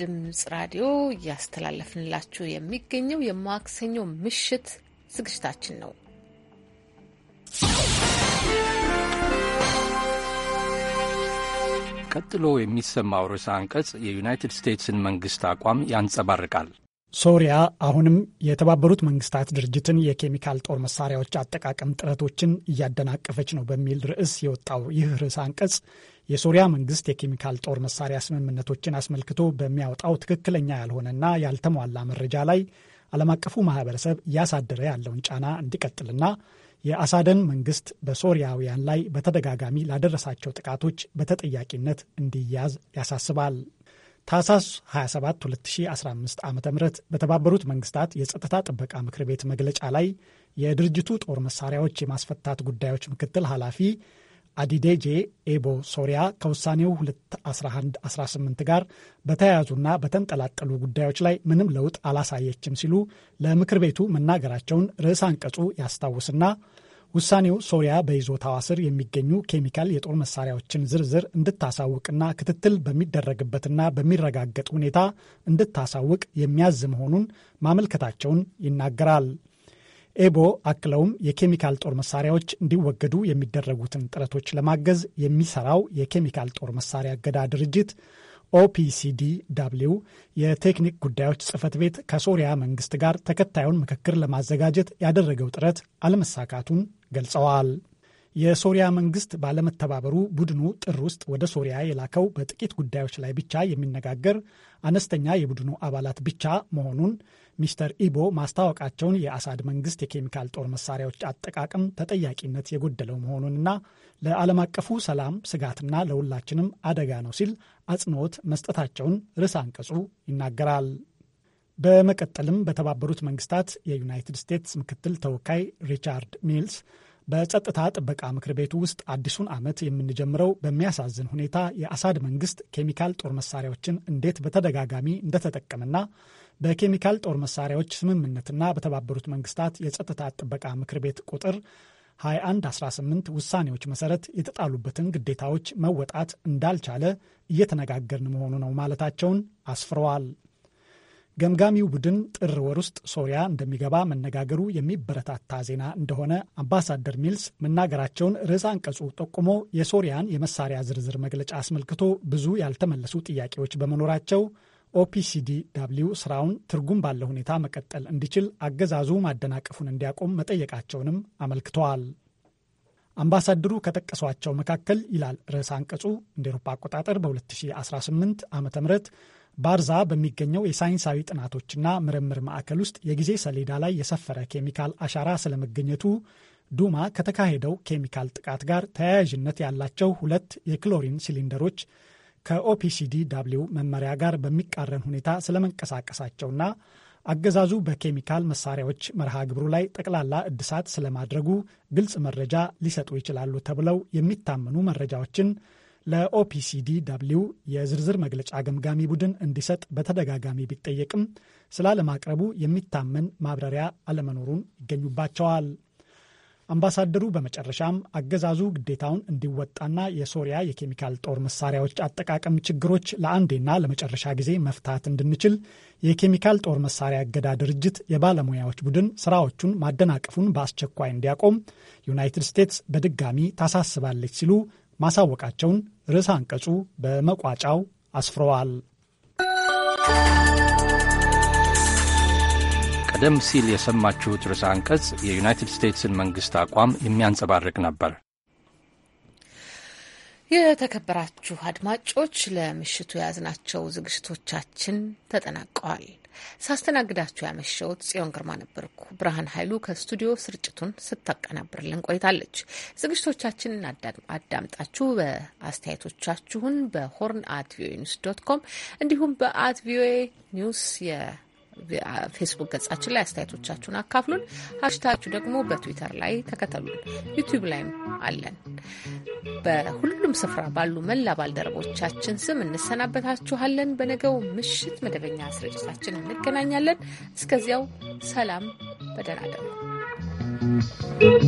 ድምጽ ራዲዮ እያስተላለፍንላችሁ የሚገኘው የማክሰኞ ምሽት ዝግጅታችን ነው። ቀጥሎ የሚሰማው ርዕሰ አንቀጽ የዩናይትድ ስቴትስን መንግስት አቋም ያንጸባርቃል። ሶሪያ አሁንም የተባበሩት መንግስታት ድርጅትን የኬሚካል ጦር መሳሪያዎች አጠቃቀም ጥረቶችን እያደናቀፈች ነው በሚል ርዕስ የወጣው ይህ ርዕስ አንቀጽ የሶሪያ መንግስት የኬሚካል ጦር መሳሪያ ስምምነቶችን አስመልክቶ በሚያወጣው ትክክለኛ ያልሆነና ያልተሟላ መረጃ ላይ ዓለም አቀፉ ማህበረሰብ እያሳደረ ያለውን ጫና እንዲቀጥልና የአሳደን መንግስት በሶሪያውያን ላይ በተደጋጋሚ ላደረሳቸው ጥቃቶች በተጠያቂነት እንዲያዝ ያሳስባል። ታህሳስ 27 2015 ዓ ም በተባበሩት መንግስታት የጸጥታ ጥበቃ ምክር ቤት መግለጫ ላይ የድርጅቱ ጦር መሳሪያዎች የማስፈታት ጉዳዮች ምክትል ኃላፊ አዲዴጄ ኤቦ ሶሪያ ከውሳኔው 21118 ጋር በተያያዙና በተንጠላጠሉ ጉዳዮች ላይ ምንም ለውጥ አላሳየችም ሲሉ ለምክር ቤቱ መናገራቸውን ርዕስ አንቀጹ ያስታውስና ውሳኔው ሶሪያ በይዞታዋ ስር የሚገኙ ኬሚካል የጦር መሳሪያዎችን ዝርዝር እንድታሳውቅና ክትትል በሚደረግበትና በሚረጋገጥ ሁኔታ እንድታሳውቅ የሚያዝ መሆኑን ማመልከታቸውን ይናገራል። ኤቦ አክለውም የኬሚካል ጦር መሳሪያዎች እንዲወገዱ የሚደረጉትን ጥረቶች ለማገዝ የሚሰራው የኬሚካል ጦር መሳሪያ እገዳ ድርጅት ኦፒሲዲደብሊው የቴክኒክ ጉዳዮች ጽህፈት ቤት ከሶሪያ መንግስት ጋር ተከታዩን ምክክር ለማዘጋጀት ያደረገው ጥረት አለመሳካቱን ገልጸዋል። የሶሪያ መንግስት ባለመተባበሩ ቡድኑ ጥር ውስጥ ወደ ሶሪያ የላከው በጥቂት ጉዳዮች ላይ ብቻ የሚነጋገር አነስተኛ የቡድኑ አባላት ብቻ መሆኑን ሚስተር ኢቦ ማስታወቃቸውን የአሳድ መንግስት የኬሚካል ጦር መሳሪያዎች አጠቃቀም ተጠያቂነት የጎደለው መሆኑንና ለዓለም አቀፉ ሰላም ስጋትና ለሁላችንም አደጋ ነው ሲል አጽንኦት መስጠታቸውን ርዕስ አንቀጹ ይናገራል። በመቀጠልም በተባበሩት መንግስታት የዩናይትድ ስቴትስ ምክትል ተወካይ ሪቻርድ ሚልስ በጸጥታ ጥበቃ ምክር ቤቱ ውስጥ አዲሱን ዓመት የምንጀምረው በሚያሳዝን ሁኔታ የአሳድ መንግስት ኬሚካል ጦር መሳሪያዎችን እንዴት በተደጋጋሚ እንደተጠቀምና። በኬሚካል ጦር መሳሪያዎች ስምምነትና በተባበሩት መንግስታት የጸጥታ ጥበቃ ምክር ቤት ቁጥር 2118 ውሳኔዎች መሰረት የተጣሉበትን ግዴታዎች መወጣት እንዳልቻለ እየተነጋገርን መሆኑ ነው ማለታቸውን አስፍረዋል። ገምጋሚው ቡድን ጥር ወር ውስጥ ሶሪያ እንደሚገባ መነጋገሩ የሚበረታታ ዜና እንደሆነ አምባሳደር ሚልስ መናገራቸውን ርዕሰ አንቀጹ ጠቁሞ የሶሪያን የመሳሪያ ዝርዝር መግለጫ አስመልክቶ ብዙ ያልተመለሱ ጥያቄዎች በመኖራቸው ኦፒሲዲደብልዩ ስራውን ትርጉም ባለው ሁኔታ መቀጠል እንዲችል አገዛዙ ማደናቀፉን እንዲያቆም መጠየቃቸውንም አመልክተዋል። አምባሳደሩ ከጠቀሷቸው መካከል ይላል ርዕስ አንቀጹ እንደ ኤሮፓ አቆጣጠር በ2018 ዓ ም ባርዛ በሚገኘው የሳይንሳዊ ጥናቶችና ምርምር ማዕከል ውስጥ የጊዜ ሰሌዳ ላይ የሰፈረ ኬሚካል አሻራ ስለመገኘቱ ዱማ ከተካሄደው ኬሚካል ጥቃት ጋር ተያያዥነት ያላቸው ሁለት የክሎሪን ሲሊንደሮች ከኦፒሲዲ ዳብሊው መመሪያ ጋር በሚቃረን ሁኔታ ስለመንቀሳቀሳቸውና አገዛዙ በኬሚካል መሳሪያዎች መርሃ ግብሩ ላይ ጠቅላላ እድሳት ስለማድረጉ ግልጽ መረጃ ሊሰጡ ይችላሉ ተብለው የሚታመኑ መረጃዎችን ለኦፒሲዲ ዳብሊው የዝርዝር መግለጫ ገምጋሚ ቡድን እንዲሰጥ በተደጋጋሚ ቢጠየቅም ስላለማቅረቡ የሚታመን ማብራሪያ አለመኖሩን ይገኙባቸዋል። አምባሳደሩ በመጨረሻም አገዛዙ ግዴታውን እንዲወጣና የሶሪያ የኬሚካል ጦር መሳሪያዎች አጠቃቀም ችግሮች ለአንዴና ለመጨረሻ ጊዜ መፍታት እንድንችል የኬሚካል ጦር መሳሪያ እገዳ ድርጅት የባለሙያዎች ቡድን ስራዎቹን ማደናቀፉን በአስቸኳይ እንዲያቆም ዩናይትድ ስቴትስ በድጋሚ ታሳስባለች ሲሉ ማሳወቃቸውን ርዕሰ አንቀጹ በመቋጫው አስፍረዋል። ቀደም ሲል የሰማችሁት ርዕሰ አንቀጽ የዩናይትድ ስቴትስን መንግስት አቋም የሚያንጸባርቅ ነበር። የተከበራችሁ አድማጮች ለምሽቱ የያዝናቸው ዝግጅቶቻችን ተጠናቀዋል። ሳስተናግዳችሁ ያመሸውት ጽዮን ግርማ ነበርኩ። ብርሃን ኃይሉ ከስቱዲዮ ስርጭቱን ስታቀናብርልን ቆይታለች። ዝግጅቶቻችንን አዳምጣችሁ በአስተያየቶቻችሁን በሆርን አት ቪኦኤ ኒውስ ዶት ኮም እንዲሁም በአት ቪኦኤ ኒውስ ፌስቡክ ገጻችን ላይ አስተያየቶቻችሁን አካፍሉን። ሀሽታችሁ ደግሞ በትዊተር ላይ ተከተሉን። ዩቲዩብ ላይም አለን። በሁሉም ስፍራ ባሉ መላ ባልደረቦቻችን ስም እንሰናበታችኋለን። በነገው ምሽት መደበኛ ስርጭታችን እንገናኛለን። እስከዚያው ሰላም፣ በደህና እደሩ።